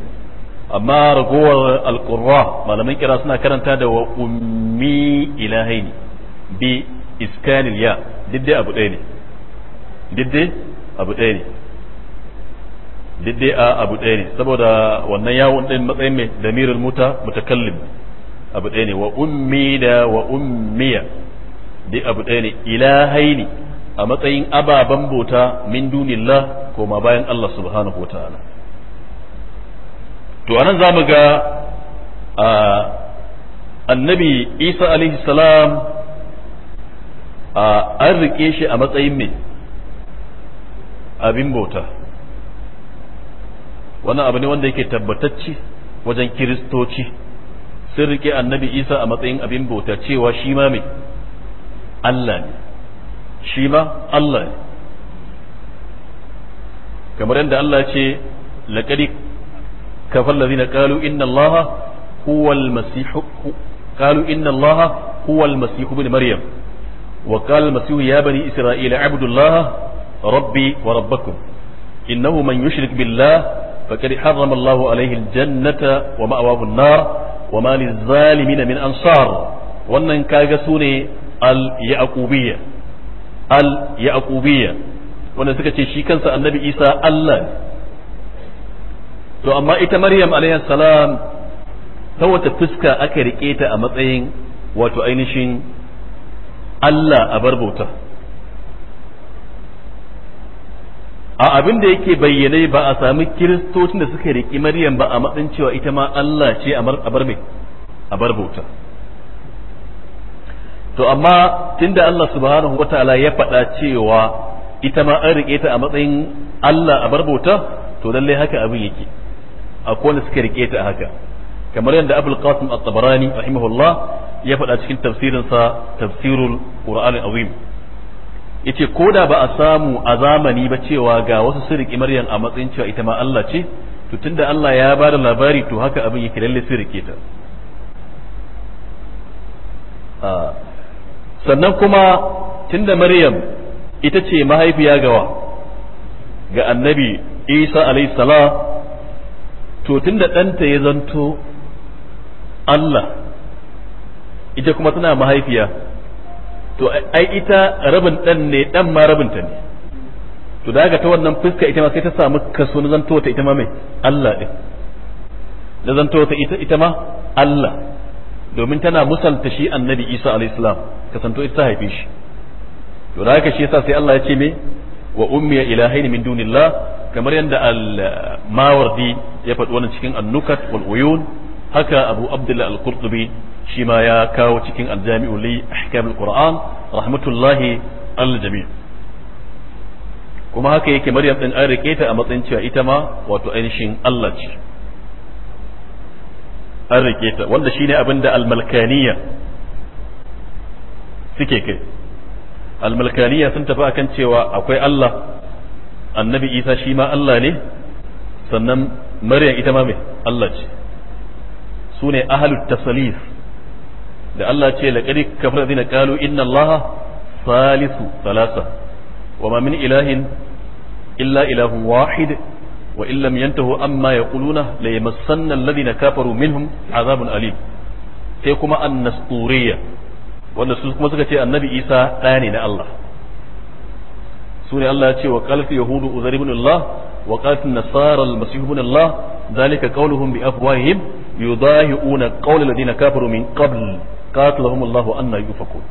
amma ragowar al-qurra malaman kira suna karanta da wa ummi ilahaini bi iskanil ya duk abu ɗaya ne duk abu ɗaya ne duk a abu ɗaya ne saboda wannan yawon ɗin matsayin mai damirin muta mutakallim abu ɗaya ne wa ummi da wa ummiya duk abu ɗaya ne ilahaini a matsayin ababen bota min dunillah ko bayan Allah subhanahu wataala to anan zamu ga annabi Isa alaihi salam an riƙe shi a matsayin mai abin bauta wannan abu ne wanda yake tabbatacce wajen kiristoci sun rike annabi isa a matsayin abin bauta cewa shi ma mai allah ne shi ma allah ne kamar yadda allah ce laƙari kafar lazina kalu inna allah huwa almasihu kalu inna allah huwa almasihu bin maryam wa qala masihu ya bani isra'ila abdullah rabbi wa rabbakum innahu man yushrik billah faqad harrama Allahu alaihi aljannata wa ma'awahu an-nar wa ma wannan kaga sune al-yaqubiyya al-yaqubiyya wanda suka ce shi kansa annabi Isa Allah ne to amma ita Maryam alaihi salam ta wata fuska aka rike ta a matsayin wato ainihin Allah a bar bauta a abin da yake bayyane ba a sami kiristocin da suka riƙi maryam ba a matsayin cewa ita ma Allah ce a bar mai a bar bauta to amma tunda Allah subhanahu wataala ya faɗa cewa ita ma an riƙe ta a matsayin Allah a bar bauta to lallai haka abin yake akwai wanda suka riƙe ta haka kamar yadda Abul Qasim At-Tabarani rahimahullah ya faɗa cikin tafsirinsa tafsirul Qur'an Azim yace ko da ba a samu a zamani ba cewa ga wasu siriki maryam a matsayin cewa ita ma Allah ce to tunda Allah ya ba da labari to haka abin yake lalle sirike ta sannan kuma tunda maryam ita ce mahaifiya gawa ga annabi isa alayhi to tunda ɗanta ya zanto Allah ita kuma tana mahaifiya to ai ita rabin dan ne dan ma rabin ta ne to daga ta wannan fuska ita ma sai ta samu kaso na zanto ta ita ma mai Allah din na zanto ta ita ita ma Allah domin tana musalta shi annabi Isa alayhi salam kasanto ita ta haife shi to da haka shi yasa sai Allah ya ce me wa ummiya ilahain min dunillah kamar yadda al-mawardi ya faɗi wannan cikin annukat wal uyun haka abu abdullah al-qurtubi shi ma ya kawo cikin aljami'u li ahkamul qur'an rahmatullahi al aljami kuma haka yake maryam din an rike ta a matsayin cewa ita ma wato ainihin Allah ce an rike ta wanda shine abin da almalkaniya suke kai almalkaniya sun tafi akan cewa akwai Allah annabi Isa shi ma Allah ne sannan maryam ita ma mai Allah ce su ne ahalut tasalif da Allah ce la laqad kafara zina qalu inna Allah salisu salasa ma min ilahin illa ilahun wahid wa in lam yantahu amma yaquluna la yamassanna alladhina kafaru minhum azabun alim sai kuma annasturiya wanda su kuma suka ce annabi Isa ɗaya ne na Allah su ne Allah ya ce wa qalfi yahudu uzair ibn Allah wa qalfi nasara al-masih ibn Allah zalika qawluhum bi afwahihim yudahi'una qawla alladhina kafaru min qabl qatalahum Allahu anna yufakun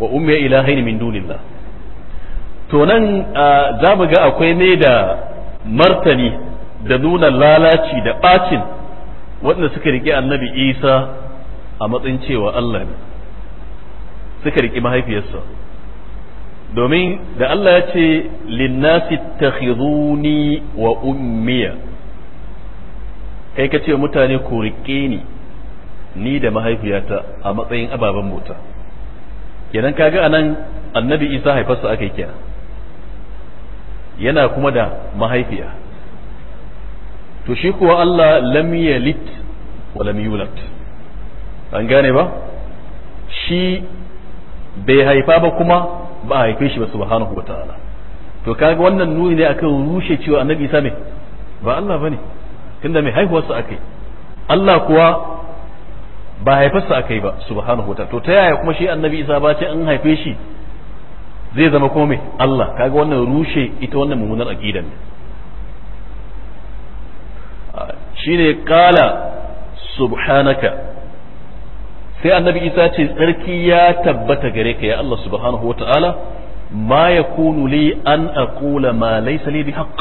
wa ummi ilahaini min dunillah to nan za mu ga akwai ne da martani da nuna lalaci da ɓacin waɗanda suka riƙe annabi Isa a matsayin cewa Allah ne suka riƙi mahaifiyarsa domin da Allah ya ce wa ummiya kai ka ce mutane ku riƙe ni ni da mahaifiyata a matsayin ababen bauta kenan kaga anan annabi isa haifarsa aka yi kenan yana kuma da mahaifiya to shi kuwa Allah lam yalit wa lam yulad an gane ba shi bai haifa ba kuma ba a haife shi ba subhanahu wa to kaga wannan nuni ne akan rushe cewa annabi isa ne ba Allah bane tunda mai haihuwarsa akai Allah kuwa ba haifarsa aka yi ba subhanahu wa to ta yaya kuma shi annabi isa ba ce an haife shi zai zama kuma mai Allah kaga wannan rushe ita wannan mummunar aqidan ne shine subhanaka sai annabi isa ce tsarki ya tabbata gare ka ya Allah subhanahu wa ta'ala ma yakunu li an aqula ma laysa li bihaq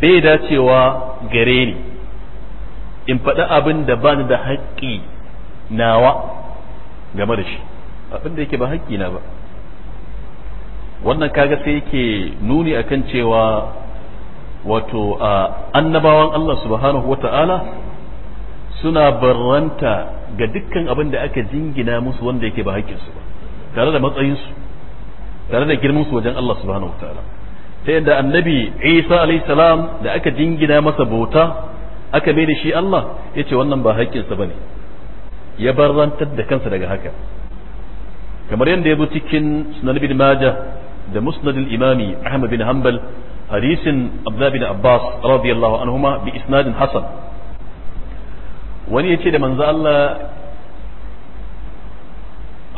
bai dacewa gare ni in faɗi abin da bani da haƙƙi nawa game da shi abin da yake ba haƙƙi na ba wannan kaga sai yake nuni akan cewa wato annabawan Allah subhanahu wata'ala suna barranta ga dukkan abin da aka jingina musu wanda yake ba haƙƙinsu ba tare da matsayinsu tare da girmansu wajen Allah subhanahu wata'ala ta yadda annabi isa alayhi salam da aka jingina masa bauta aka mai da shi Allah ya ce wannan ba haƙƙinsa ba ne ya barrantar da kansa daga haka kamar yadda ya zo cikin sunan bin majah da musnadul imami ahmad bin hanbal hadisin abdullah bin abbas radiyallahu anhuma bi isnadin hasan wani ya ce da manzo Allah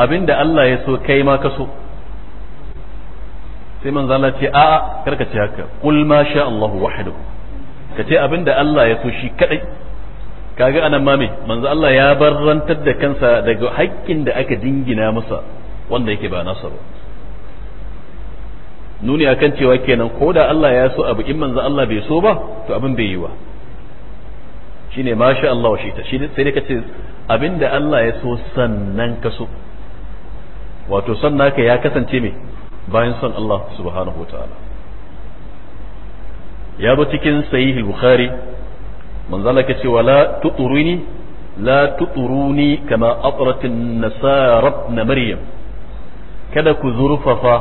abinda Allah ya so kai ma ka so sai manzo Allah ce a'a karka ce haka kul ma sha Allahu wahdahu ka ce abinda Allah ya so shi kadai kaga anan ma me manzo Allah ya barrantar da kansa daga haƙƙin da aka dingina masa wanda yake ba nasa ba nuni akan cewa kenan ko da Allah ya so abu in manzo Allah bai so ba to abin bai yi wa shine masha Allah shi ta sai ka ce abinda Allah ya so sannan ka so wato sannan ka ya kasance me bayan son Allah subhanahu wataala ya zo cikin sahihul bukhari manzo Allah kace wala tuturuni la tuturuni kama atratin nasara na maryam kada ku zurfafa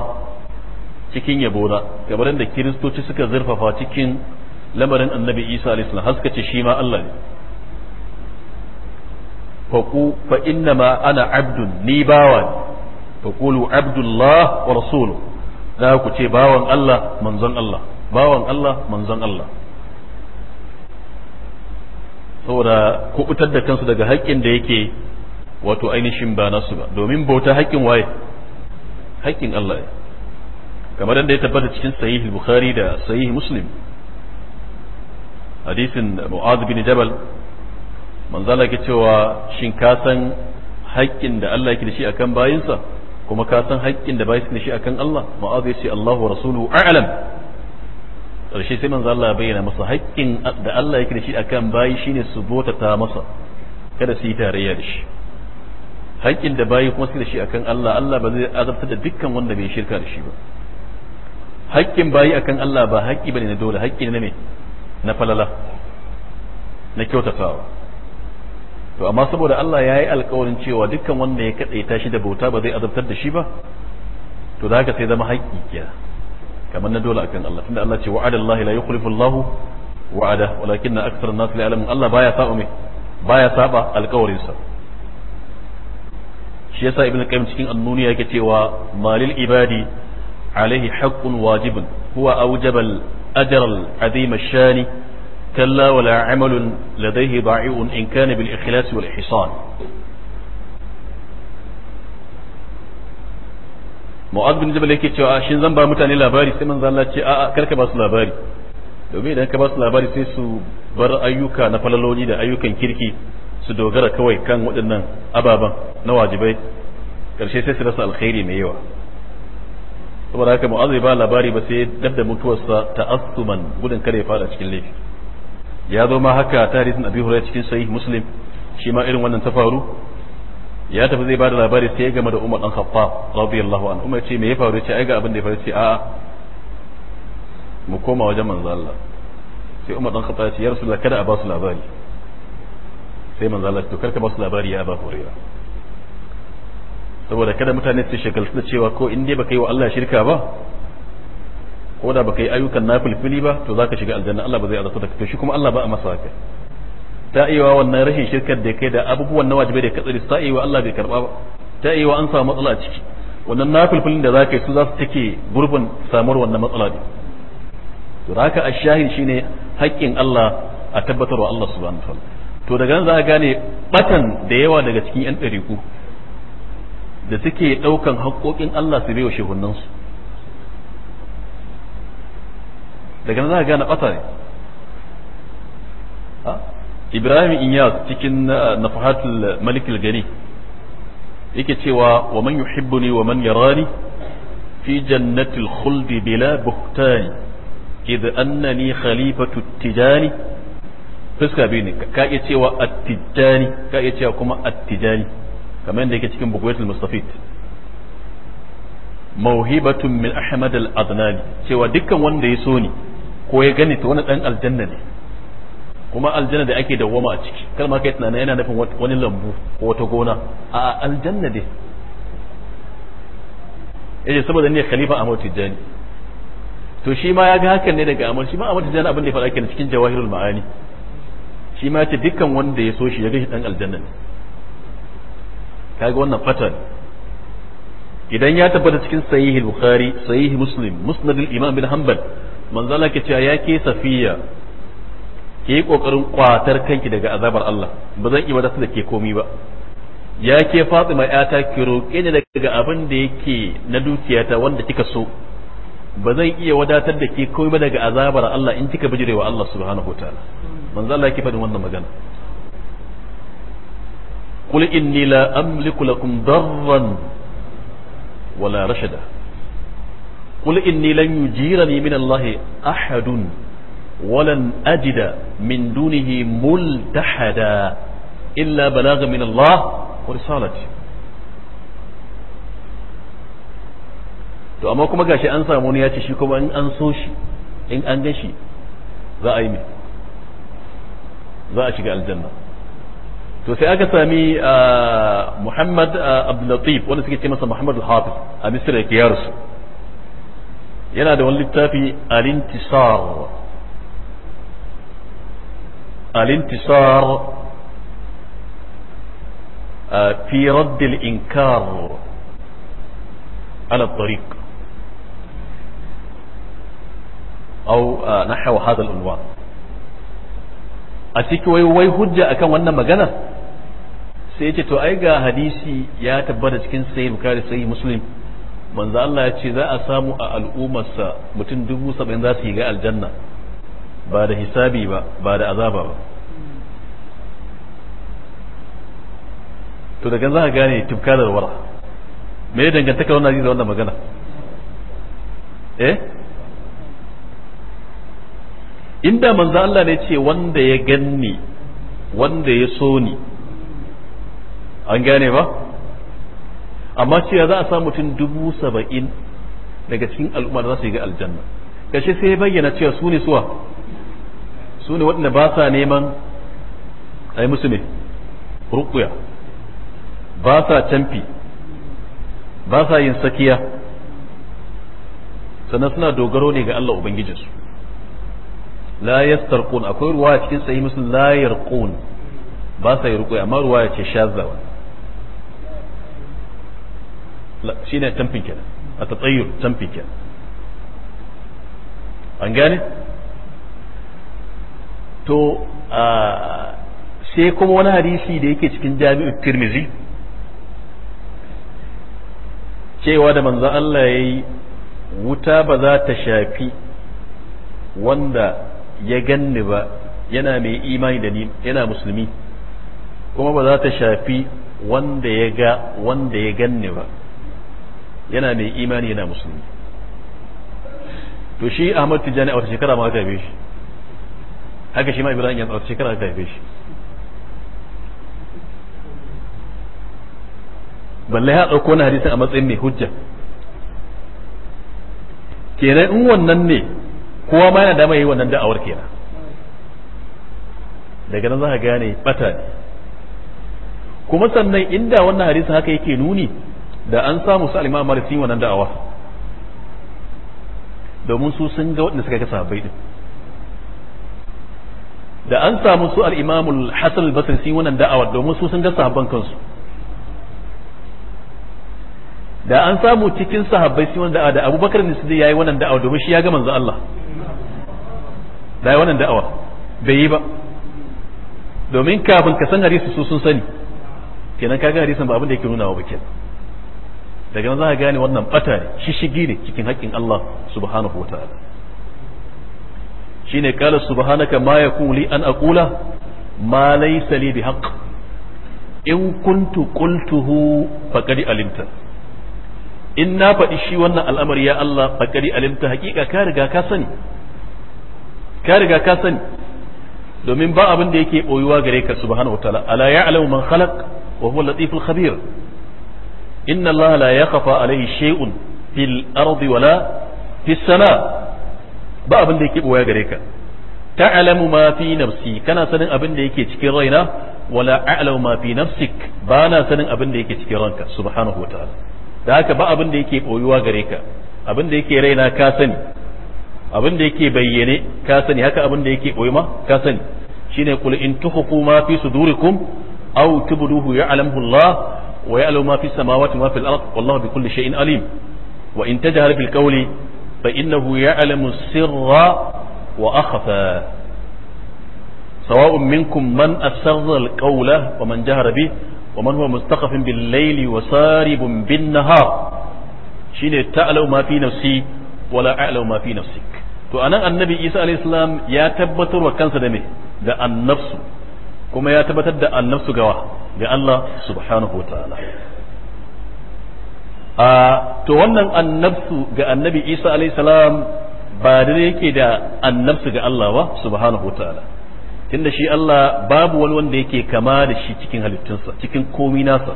cikin yabona kamar da kiristoci suka zurfafa cikin lamarin annabi isa alayhi salam haska ce shi ma Allah ne faqu fa inna ma ana abdun ni bawa ne faqulu abdullah wa rasuluhu za ku ce bawan Allah manzon Allah bawan Allah manzon Allah saboda kubutar da kansu daga haƙƙin da yake wato ainihin ba nasu ba domin bauta haƙƙin waye haƙƙin Allah ne kamar yadda ya tabbata cikin sahih bukhari da sahih muslim hadisin mu'adh bin jabal manzala ke cewa shin ka san haƙƙin da Allah yake da shi akan bayinsa kuma ka san haƙƙin da bayinsa da shi akan Allah mu'adh ya ce Allahu rasuluhu a'lam ƙarshe sai manzo Allah bayyana masa haƙƙin da Allah yake da shi akan bayi shine su bota ta masa kada su yi tarayya da shi haƙƙin da bayi kuma suke da shi akan Allah Allah ba zai azabta da dukkan wanda bai shirka da shi ba haƙƙin bayi akan Allah ba haƙƙi bane na dole haƙƙi ne ne na falala na kyautatawa to amma saboda Allah ya yi alƙawarin cewa dukkan wanda ya kaɗaita shi da bauta ba zai azabtar da shi ba to da haka sai zama haƙƙi kenan kamar na dole akan Allah tunda Allah ce wa'ada Allah la yukhlifu Allah wa'ada walakin aktsarun nas la ya'lamun Allah baya saba mai baya saba alƙawarin sa shi yasa ibn qayyim cikin annuni yake cewa malil ibadi alaihi haqqun wajibun huwa awjabal ajr al azim ash-shani كلا ولا عمل in ضعيف إن كان wal والإحصان mu'az bin jabal yake cewa shin zan ba mutane labari sai manzo Allah ce a'a karka ba su labari domin idan ka ba su labari sai su bar ayyuka na falaloli da ayyukan kirki su dogara kawai kan waɗannan ababen na wajibai karshe sai su rasa alkhairi mai yawa saboda haka mu'az ba labari ba sai dab da mutuwarsa ta'assuman gudun kare ya fada cikin laifi ya zo ma haka tarihin abi hurairah cikin sahih muslim shi ma irin wannan ta faru ya tafi zai bada labari sai ya game da Umar dan Khattab radiyallahu anhu Umar ce me ya faru ce ai ga abin da ya faru ce a'a mu koma wajen manzo Allah sai Umar dan Khattab ce ya rasul kada a ba su labari sai manzo Allah to karka ba su labari ya ba Hurairah saboda kada mutane su shagaltu da cewa ko in dai baka yi wa Allah shirka ba ko da baka yi ayyukan nafilfili ba to zaka shiga aljanna Allah ba zai azabta da kai to shi kuma Allah ba a masa haka ta wannan rashin shirkar da kai da abubuwan na wajibai da katsari ta iya Allah bai karba ba ta an samu matsala ciki wannan nafilfilin da zaka yi su za su take gurbin samuwar wannan matsala ne to da haka ashahid shine haƙƙin Allah a tabbatarwa Allah subhanahu wataala to daga nan za a gane batan da yawa daga cikin yan ɗariku da suke ɗaukan haƙƙoƙin Allah su baiwa su daga nan za a gane batan ne ibrahim inyas cikin eh, nafahatul malik gani yake cewa wa man yuhibbuni wa man yarani fi jannatil khuldi bila buhtani idh annani khalifatu tijani fuska biyu ne ka iya cewa attijani ka iya cewa kuma attijani kamar yadda yake cikin bukwatul mustafid mauhibatun min ahmad al-adnani cewa dukkan wanda ya so ni ko ya gani ta wani dan aljanna ne kuma aljanna da ake dawwama a ciki kalma kai tunanin yana nufin wani lambu ko wata gona a aljanna dai yace eh, saboda ne khalifa Ahmad Tijani to shi ma ya ga hakan ne daga Ahmad shi ma Ahmad Tijani abin da ya faɗa kenan cikin Jawahirul Ma'ani shi ma yace dukkan wanda ya so shi ya ga shi dan aljanna ne kaga wannan fatan idan ya tabbata cikin sahihul Bukhari sahih Muslim musnadul Imam bin Hanbal manzo Allah ke cewa ya ke safiya yayi kokarin kwatar kanki daga azabar Allah ba zan yi wadatar da ke komi ba ya ke Fatima yata ki roƙe ni daga abin da yake na dukiyata wanda kika so ba zan iya wadatar da ke komai ba daga azabar Allah in kika bijirewa Allah subhanahu wataala manzo Allah yake faɗin wannan magana qul inni la amliku lakum darran wala rashada qul inni lan yujirani min Allah ahadun ولن أجد من دونه ملتحدا إلا بلاغا من الله ورسالته to amma kuma gashi an samu wani ya ce shi kuma in an so shi in an gan shi za a yi mai za a shiga aljanna to sai aka sami ah, muhammad ah, abdulatif wanda suke ce masa muhammad al-hafiz a misir da kiyarsu yana da wani littafi al-intisar الانتصار في رد الإنكار على الطريق أو نحو هذا العنوان أتيك وي هجة أكم وأنا مجانا سيأتي تؤيجا حديثي يا تبرز كن سيد بكاري سيد مسلم manzo Allah ya ce za a samu a al'ummarsa mutum dubu saba'in za su yi ga aljanna ba da hisabi ba ba da azaba ba to daga za a gane tufka da wara me ya dangantaka wannan da wannan magana eh inda manzo Allah ne ce wanda ya ganni wanda ya so ni an gane ba amma cewa za a sa mutum dubu saba'in daga cikin al'umma da za su yi ga aljanna kashe sai ya bayyana cewa su ne suwa su ne waɗanda ba sa neman a yi musu ne rukuya ba sa canfi ba sa yin sakiya sannan suna dogaro ne ga Allah Ubangijinsu la yastarqun akwai ruwa cikin sahih musu la yarqun ba sa yi rukuya amma ruwa ce shazawa ne tamfin kenan a tatsayyur tamfin kenan an gane to sai kuma wani hadisi da yake cikin jami'ar tirmizi cewa da manzan Allah ya yi wuta ba za ta shafi wanda ya ganni ba yana mai imani da ni yana musulmi kuma ba za ta shafi wanda ya ga wanda ya ganni ba yana mai imani yana musulmi to shi Ahmad Tijani a wata shekara ma ta bi. shi haka shi ma ibrahim ya tsarci shekara ta haife shi balle ya dauko wani hadisin a matsayin mai hujja kenan in wannan ne kowa ma yana dama yi wannan da'awar kenan daga nan za ka gane bata ne kuma sannan inda wannan hadisin haka yake nuni da an samu su sun yi wannan da'awa domin su sun ga waɗanda suka kasa bai din da an samu su al-imamul hasan al-basri sun wannan da'awa domin su sun ga sahabban kansu da an samu cikin sahabbai sun wannan da'awa da abubakar ne su yayi wannan da'awa domin shi ya ga manzo Allah da wannan da'awa bai yi ba domin kafin ka san hadisi su sun sani kenan ka ga hadisin ba abin da yake nunawa ba kenan daga nan za ka gane wannan bata ne shishigi ne cikin haƙƙin Allah subhanahu wa ta'ala shine kala subhanaka ma yakunu li an aqula ma laysa li bihaq in kuntu qultuhu faqad alimta in na faɗi shi wannan al'amari ya Allah faqad alimta hakika ka riga ka sani ka riga ka sani domin ba abin da yake boyuwa gare ka subhanahu wataala ala ya'lamu man khalaq wa huwa latiful khabir inna Allah la yakhfa alayhi shay'un fil ardi wala fis sama' ba abin da yake boya gare ka ta'lamu ma fi nafsi kana sanin abin da yake cikin raina wala a'lamu ma fi nafsik ba na sanin abin da yake cikin ranka subhanahu wataala da haka ba abin da yake boyuwa gare ka abin da yake raina ka sani abin da yake bayyane ka sani haka abin da yake boye ma ka sani shine qul in tukhfu ma fi sudurikum aw tubduhu ya'lamuhu Allah wa ya'lamu ma fi samawati wa fil ard wallahu bi kulli shay'in alim wa in tajhar bil qawli fa innahu ya'lamu sirra wa akhfa sawa'un minkum man asarra al-qawla wa man jahara bi wa man huwa mustaqafin bil layli wa saribun bin nahar shine ta'lamu ma fi nafsi wa la a'lamu fi nafsik to anan annabi Isa alayhi ya tabbatar wa kansa da me da kuma ya tabbatar da annafsu gawa ga Allah subhanahu wa ta'ala to wannan annabsu ga annabi isa alayhi salam ba da yake da annabsu ga Allah ba subhanahu ta'ala tunda shi Allah babu wani wanda yake kama da shi cikin halittunsa cikin komi nasa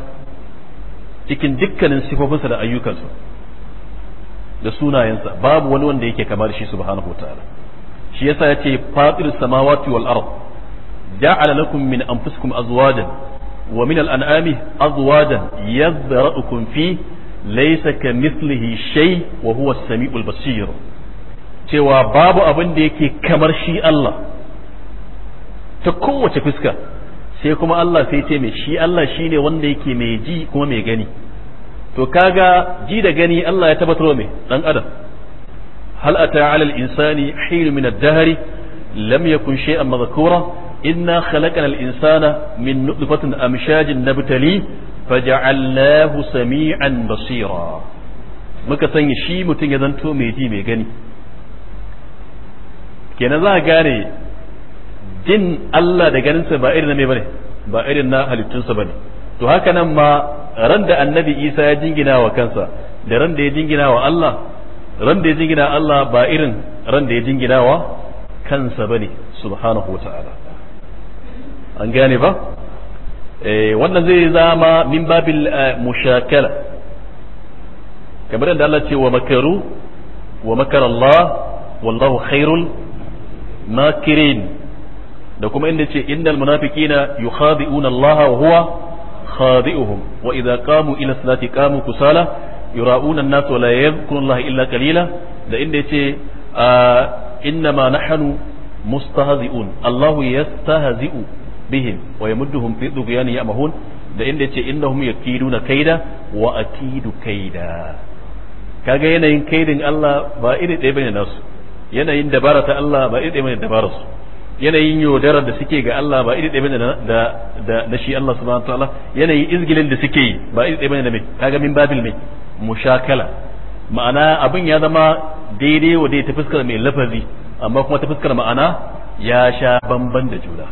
cikin dukkanin sifofinsa da ayyukansa da sunayensa babu wani wanda yake kama da shi subhanahu ta'ala shi yasa yace fatir samawati wal ard ja'ala lakum min anfusikum azwajan wa min al-an'ami azwajan yadhra'ukum fi laisa ka mislihi shay wa huwa samiul basir cewa babu abin da yake kamar shi Allah ta kowace fuska sai kuma Allah sai ce mai shi Allah shine wanda yake mai ji kuma mai gani to kaga ji da gani Allah ya tabbatar mai dan adam hal ata ala insani hin min ad-dahr lam yakun shay'an madhkura inna khalaqna al-insana min nutfatin amshajin nabtali faja'allahu sami'an basira muka sanya shi mutum ya zanto mai ji mai gani kenan za a gane jin Allah da ganinsa ba irin na mai bane ba irin na halittunsa bane to haka nan ma ran da annabi Isa ya jingina wa kansa da ran da ya jingina wa Allah ran da ya jingina Allah ba irin ran da ya jingina wa kansa bane subhanahu wa ta'ala an gane ba Eh, wannan zai zama min babil eh, mushakala kamar yadda Allah ce wa makaru wa makar Allah wallahu khairul makirin da kuma inda ce innal munafiqina yukhadi'una Allah wa huwa khadi'uhum wa idza qamu ila salati qamu kusala yura'una an-nas wa la yadhkuruna Allah illa qalila da inda yace ah, innama nahnu mustahzi'un Allah yastahzi'u bihim wa yamudduhum fi tughyani ya'mahun da inda yace innahum yakiduna kaida wa akidu kaida kaga yanayin kaidin Allah ba iri ɗaya bane nasu yanayin dabara ta Allah ba iri ɗaya bane dabarar su yanayin yodara da suke ga Allah ba iri ɗaya bane da da da shi Allah subhanahu wataala yanayin izgilin da suke ba iri ɗaya bane da mai kaga min babil mai mushakala ma'ana abin ya zama daidai wa dai ta fuskar mai lafazi amma kuma ta fuskar ma'ana ya sha bamban da juna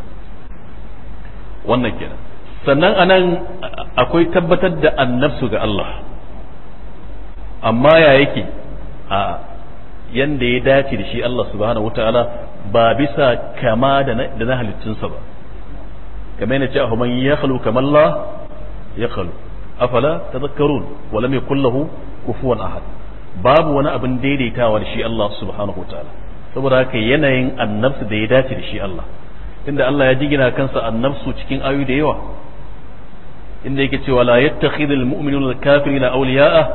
wannan kenan sannan anan akwai tabbatar da annabsu ga Allah amma ya yake a yanda ya dace da shi Allah subhanahu wataala ba bisa kama da na halittunsa ba kamar yana a man ya khalu kamar Allah ya khalu afala tadhakkarun wa lam yakul lahu kufuwan ahad babu wani abin daidaitawa da shi Allah subhanahu wataala saboda haka yanayin annabsu da ya dace da shi Allah tunda Allah ya jigina kansa annafsu cikin ayu da yawa inda yake cewa la yattakhidhu almu'minuna alkafirina awliya'a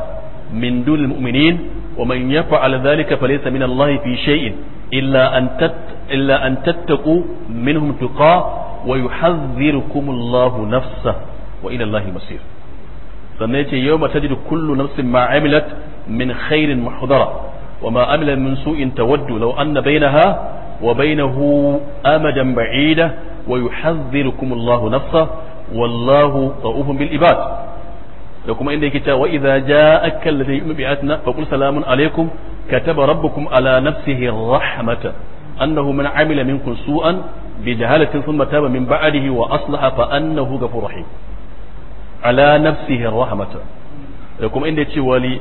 min duni almu'minin wa man yaf'al dhalika falaysa min Allah fi shay'in illa an tat illa an tattaqu minhum tuqa wa yuhadhdhirukum Allah nafsa wa ila Allah masir sannan yace yawma tajidu kullu nafsin ma 'amilat min khairin muhdara وما أمل من سوء تود لو أن بينها وبينه أمدا بعيدا ويحذركم الله نفسه والله رؤوف بالعباد لكم إن كتا وإذا جاءك الذي يؤمن بآياتنا فقل سلام عليكم كتب ربكم على نفسه الرحمة أنه من عمل منكم سوءا بجهالة ثم تاب من بعده وأصلح فأنه غفور رحيم على نفسه الرحمة لكم إن ولي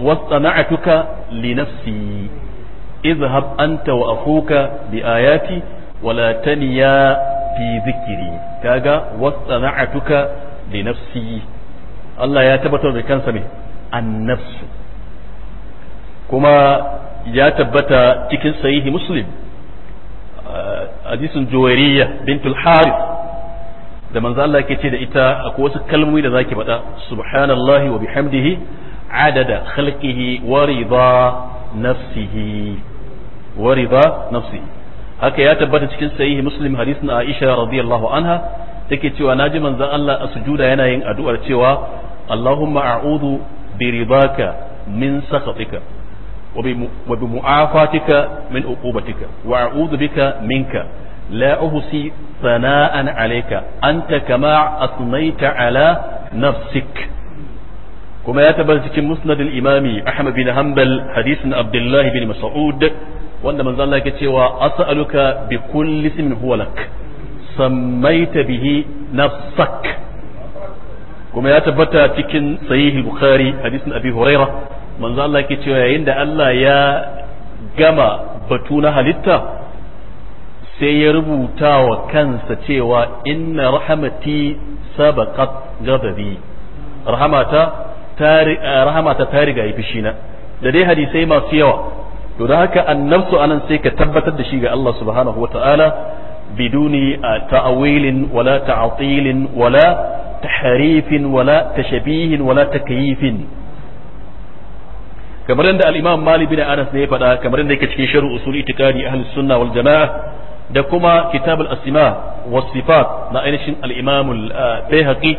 واصطنعتك لنفسي izhab anta a akuka bi ayati wala taniya fi zikiri kaga wasana'atuka li nafsi Allah ya tabbatar da kansa ne annafsu kuma ya tabbata cikin sahihi muslim hadisin juwariya bintul harith da manzo Allah yake ce da ita akwai wasu kalmi da zaki faɗa subhanallahi wa bi bihamdihi adada khalqihi wa rida nafsihi wa nafsi haka ya tabbata cikin sahihi muslim hadisin aisha radiyallahu anha take cewa naji manzon Allah a sujuda yana yin addu'ar cewa Allahumma a'udhu bi ridaka min sakhatika wa bi min wa bika minka لا أهسي ثناء عليك أنت كما أثنيت على نفسك كما يتبرز في مسند الإمام أحمد بن حنبل حديث عبد الله بن مسعود wanda manzo Allah yake cewa as'aluka bi kulli ismin huwa lak sammaita bihi nafsak kuma ya tabbata cikin sahih bukhari hadisin abi huraira manzo Allah yake cewa yayin da Allah ya gama batu na halitta sai ya rubuta wa kansa cewa inna rahmati sabaqat ghadabi rahamata eh, ta riga yi da dai hadisai masu yawa to da haka annabsu anan sai ka tabbatar da shi ga Allah subhanahu wata'ala biduni uh, ta'awilin wala ta'atilin wala tahrifin wala tashabihin wala takyifin kamar yadda al-Imam Malik bin Anas ne ya faɗa kamar yadda yake cikin sharh usul itiqadi ahli sunna wal jamaa da kuma kitab al-asma was sifat na ainihin al-Imam al-Baihaqi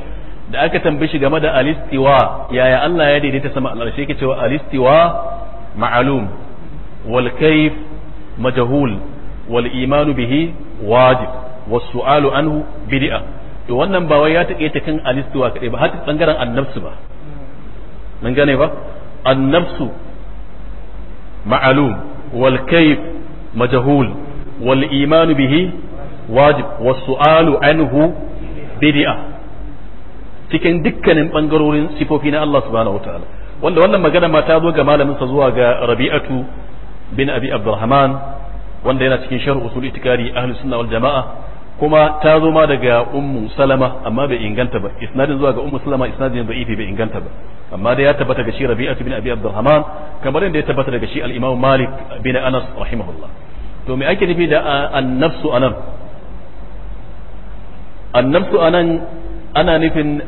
da aka tambaye shi game da alistiwa yaya Allah ya daidaita sama al-arshi yake cewa alistiwa ma'lum والكيف مجهول والإيمان به واجب والسؤال عنه بدئة to wannan ba ya take ta kan alistuwa kaɗai ba har bangaren annabsu ba mun gane ba annabsu ma'alum wal kayf bihi wajib anhu bid'a cikin dukkanin bangarorin sifofi na Allah subhanahu wataala wanda wannan magana ma ta zo ga malamin sa zuwa ga Rabi'atu bin abi abdurrahman wanda yana cikin sharh usul itikari ahlus sunna wal jamaa kuma ta zo ma daga ummu salama amma bai inganta ba isnadin zuwa ga ummu salama isnadin da'ifi bai inganta ba amma dai ya tabbata ga shi rabi'a bin abi abdurrahman kamar yadda ya tabbata daga shi al-imam malik bin anas rahimahullah to me ake nufi da an-nafsu anan an-nafsu anan ana nufin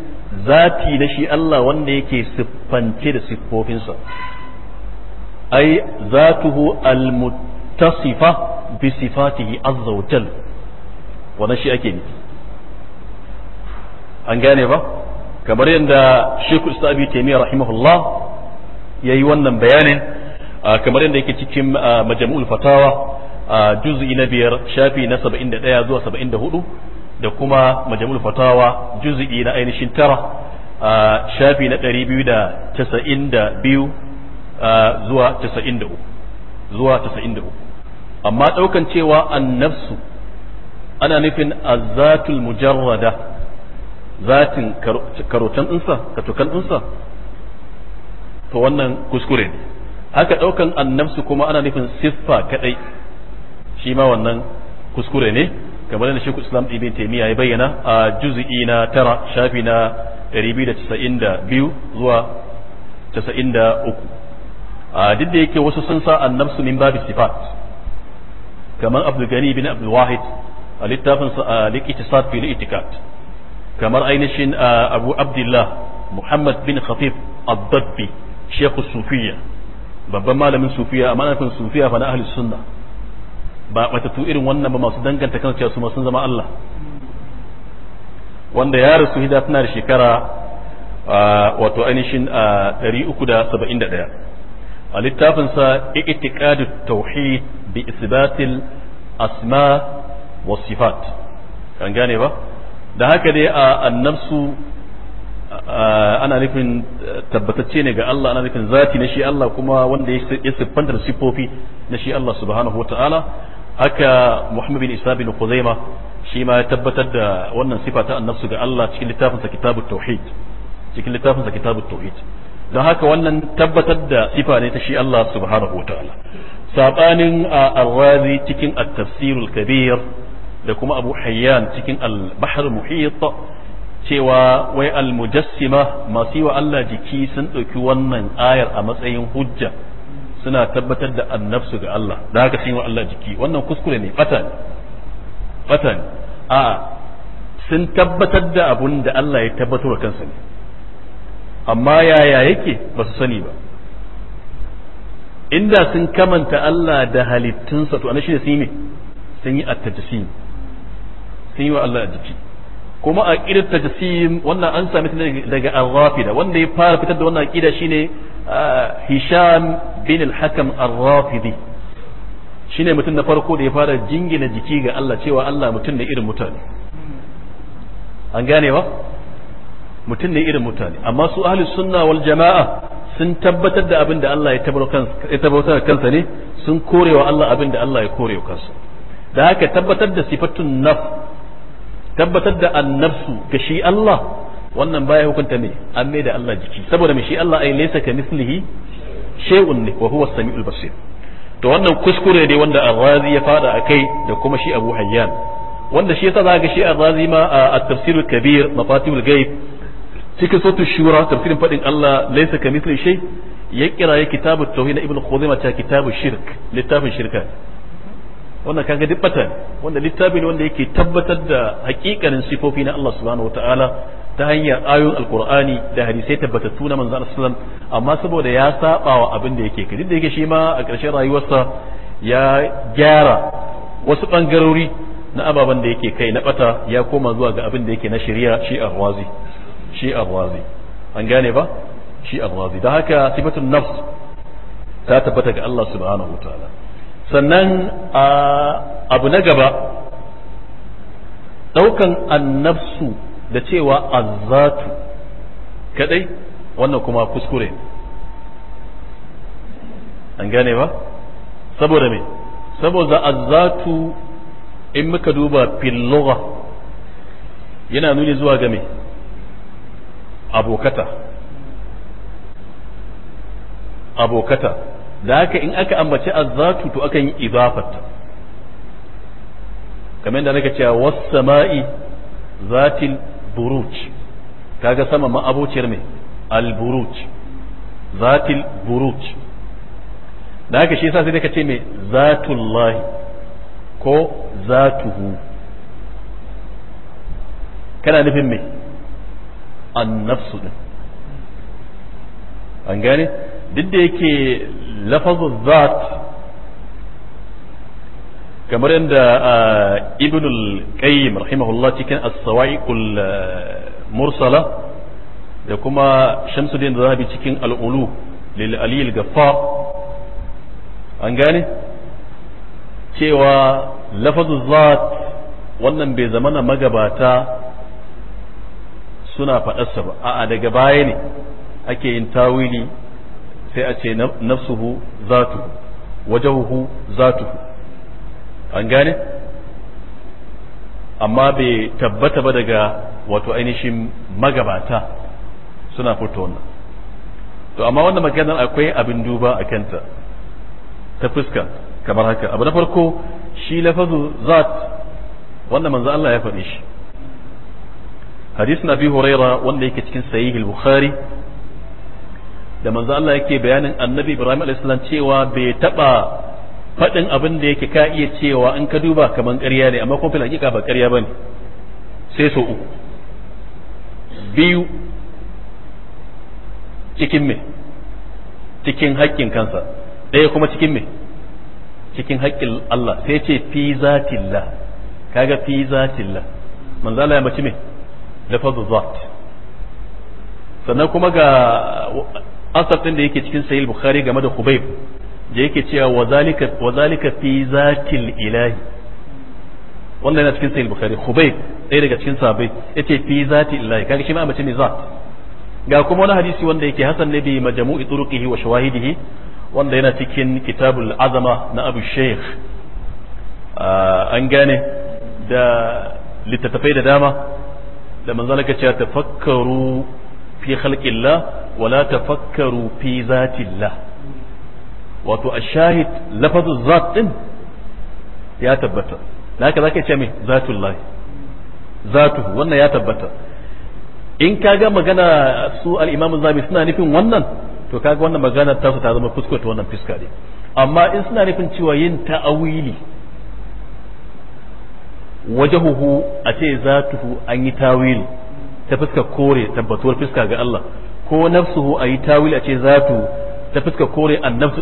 zati na shi Allah wanda yake siffance da siffofinsa Ai أي ذاته المتصفة بصفاته عز shi ake أكيد an gane ba kamar yadda shekul islami taimiyya rahimahullah ya yi wannan bayanin kamar yadda yake cikin majami'ul fatawa juz'i na biyar shafi na saba'in da ɗaya zuwa saba'in da hudu da kuma majami'ul fatawa juz'i na ainihin tara shafi na ɗari biyu da casa'in da biyu zuwa 93 zuwa 93 amma daukan cewa annafsu ana nufin azatul mujarrada zatin karotan insa katukan insa to wannan kuskure ne haka daukan annafsu kuma ana nufin siffa kadai shi ma wannan kuskure ne kamar da Sheikh Islam Ibn Taymiyyah ya bayyana a juz'i na tara shafi na 292 zuwa 93 Ah, duk da yake wasu sun sa annabsu min babu sifat kamar abdul gani bin abdul wahid a littafin sa ah, fil itikat kamar ainihin ah, abu abdullah muhammad bin khafif abdabbi shekhu sufiya babban malamin sufiya a manafin sufiya fa na ahli sunna ba batatu irin wannan ba masu danganta kan cewa su ma sun zama Allah wanda ya rasu hida tana da shekara wato ainihin 371 a littafinsa i'tiqadu tauhid bi isbatil asma wa sifat kan gane ba da haka dai a annabsu ana nufin tabbatacce ne ga Allah ana nufin zati na shi Allah kuma wanda ya siffanta da sifofi na shi Allah subhanahu wa ta'ala haka Muhammad bin Isa bin Khuzaima shi ma ya tabbatar da wannan sifa ta annabsu ga Allah cikin littafinsa kitabut tauhid cikin littafinsa kitabut tauhid don haka wannan tabbatar da sifa ne ta shi Allah subhanahu wa ta'ala sabanin arrazi cikin at-tafsirul kabir da kuma abu hayyan cikin al-bahr muhit cewa wai al-mujassima masu yi wa Allah jiki sun ɗauki wannan ayar a matsayin hujja suna tabbatar da annafsu ga Allah da haka sun yi wa Allah jiki wannan kuskure ne bata ne bata ne a sun tabbatar da abun da Allah ya tabbatar wa kansa ne amma yaya yake ba su sani ba inda sun kamanta Allah da halittunsa to shi ne sun yi sun yi sun yi wa Allah jiki kuma a ƙidar tajasim wannan an sami ta daga arrafida wanda ya fara fitar da wannan ƙida shine hisham bin al-hakam arrafidi shine mutum na farko da ya fara jingina jiki ga Allah cewa Allah mutum na irin mutane an gane ba mutum ne irin mutane amma su ahli sunna wal jama'a sun tabbatar da abin da Allah ya tabbatar da kansa ne sun korewa Allah abin da Allah ya korewa kansa da haka tabbatar da sifatun naf tabbatar da annafsu ga shi Allah wannan baya hukunta ne an mai da Allah jiki saboda mai shi Allah ai laysa ka mislihi shay'un ne wa huwa samiul basir to wannan kuskure ne wanda Ar-Razi ya fada akai da kuma shi Abu Hayyan wanda shi yasa za ga shi Ar-Razi ma a at-tafsir kabir mafatihul ghaib cikin sautu shura tafsirin fadin Allah laisa ka misli ya kiraye kitabu tauhid na ibnu khuzaimah ta kitabu shirk littafin shirka wannan kaga duk bata wanda littafin ne wanda yake tabbatar da hakikanin sifofi na Allah subhanahu wataala ta hanyar ayoyin alkur'ani da hadisai tabbatattu na manzon sallallahu amma saboda ya saba wa abin da yake kai da yake shi ma a ƙarshen rayuwarsa ya gyara wasu bangarori na ababen da yake kai na bata ya koma zuwa ga abin da yake na shari'a shi a wazi shi arwazi an gane ba shi arwazi da haka sifatun nafs ta tabbata ga Allah subhanahu wataala sannan abu na gaba daukan annafsu da cewa azzatu kadai wannan kuma kuskure an gane ba saboda me saboda azzatu in muka duba fil lugha yana nuni zuwa ga me abokata abokata da haka in aka ambaci azatu to akan yi ibafata, kamar da nake cewa wasu samai zatil buruj kaga sama ma abociyar mai al zatil buruj da haka shi yasa sai ka ce mai zatullahi ko zatuhu kana nufin mai annafsu din an gane duk da yake lafazin zat kamar yadda ah, ibn al-qayyim rahimahullah cikin as-sawa'iqul ah, mursala da kuma shamsuddin zahabi cikin al-ulu lil aliyil gaffar an gane cewa lafazin zat wannan bai zamana magabata suna faɗarsa ba a'a daga baya ne ake yin tawili sai a ce nafsuhu zatuhu wajahuhu zatuhu an gane amma bai tabbata ba daga wato ainihin magabata suna fito wannan to amma wannan maganar akwai abin duba a kanta ta fuska kamar haka abu na farko shi lafazu zat wanda manzo Allah ya faɗi shi hadisin abi huraira wanda yake cikin sahih al-bukhari da manzo Allah yake bayanin annabi ibrahim alaihissalam cewa bai taba fadin abin da yake ka iya cewa in ka duba kaman ƙarya ne amma kuma hakika ba ƙarya bane sai so uku biyu cikin me cikin haƙƙin kansa ɗaya kuma cikin me cikin haƙƙin Allah sai ce fi zatillah kaga fi zatillah manzo Allah ya mace me lafazu zat sannan kuma ga asar din da yake cikin sahih bukhari game da khubayb da yake cewa wa zalika fi zatil ilahi wannan yana cikin sahih bukhari khubayb ɗaya daga cikin sahabbai yace fi zatil ilahi kaga shi ma mace ne zat ga kuma wani hadisi wanda yake hasan ne bi majmu'i turuqihi wa shawahidihi wanda yana cikin kitabul azama na abu shaykh an gane da littattafai da dama da manzo Allah ce tafakkaru fi khalqillah wala tafakkaru fi zatillah wato ash-shahid lafazu zat din ya tabbata da haka zaka ce me zatullahi zatuhu wannan ya tabbata in kaga magana su al-imamu zabi suna nufin wannan to kaga wannan magana tasu ta zama fuskar ta wannan fiska ne amma in suna nufin cewa yin ta'awili wajahuhu a ce zatuhu an yi tawili ta fuska kore tabbatuwar fuska ga Allah ko nafsuhu a yi tawili a ce zatu ta fuska kore annabtu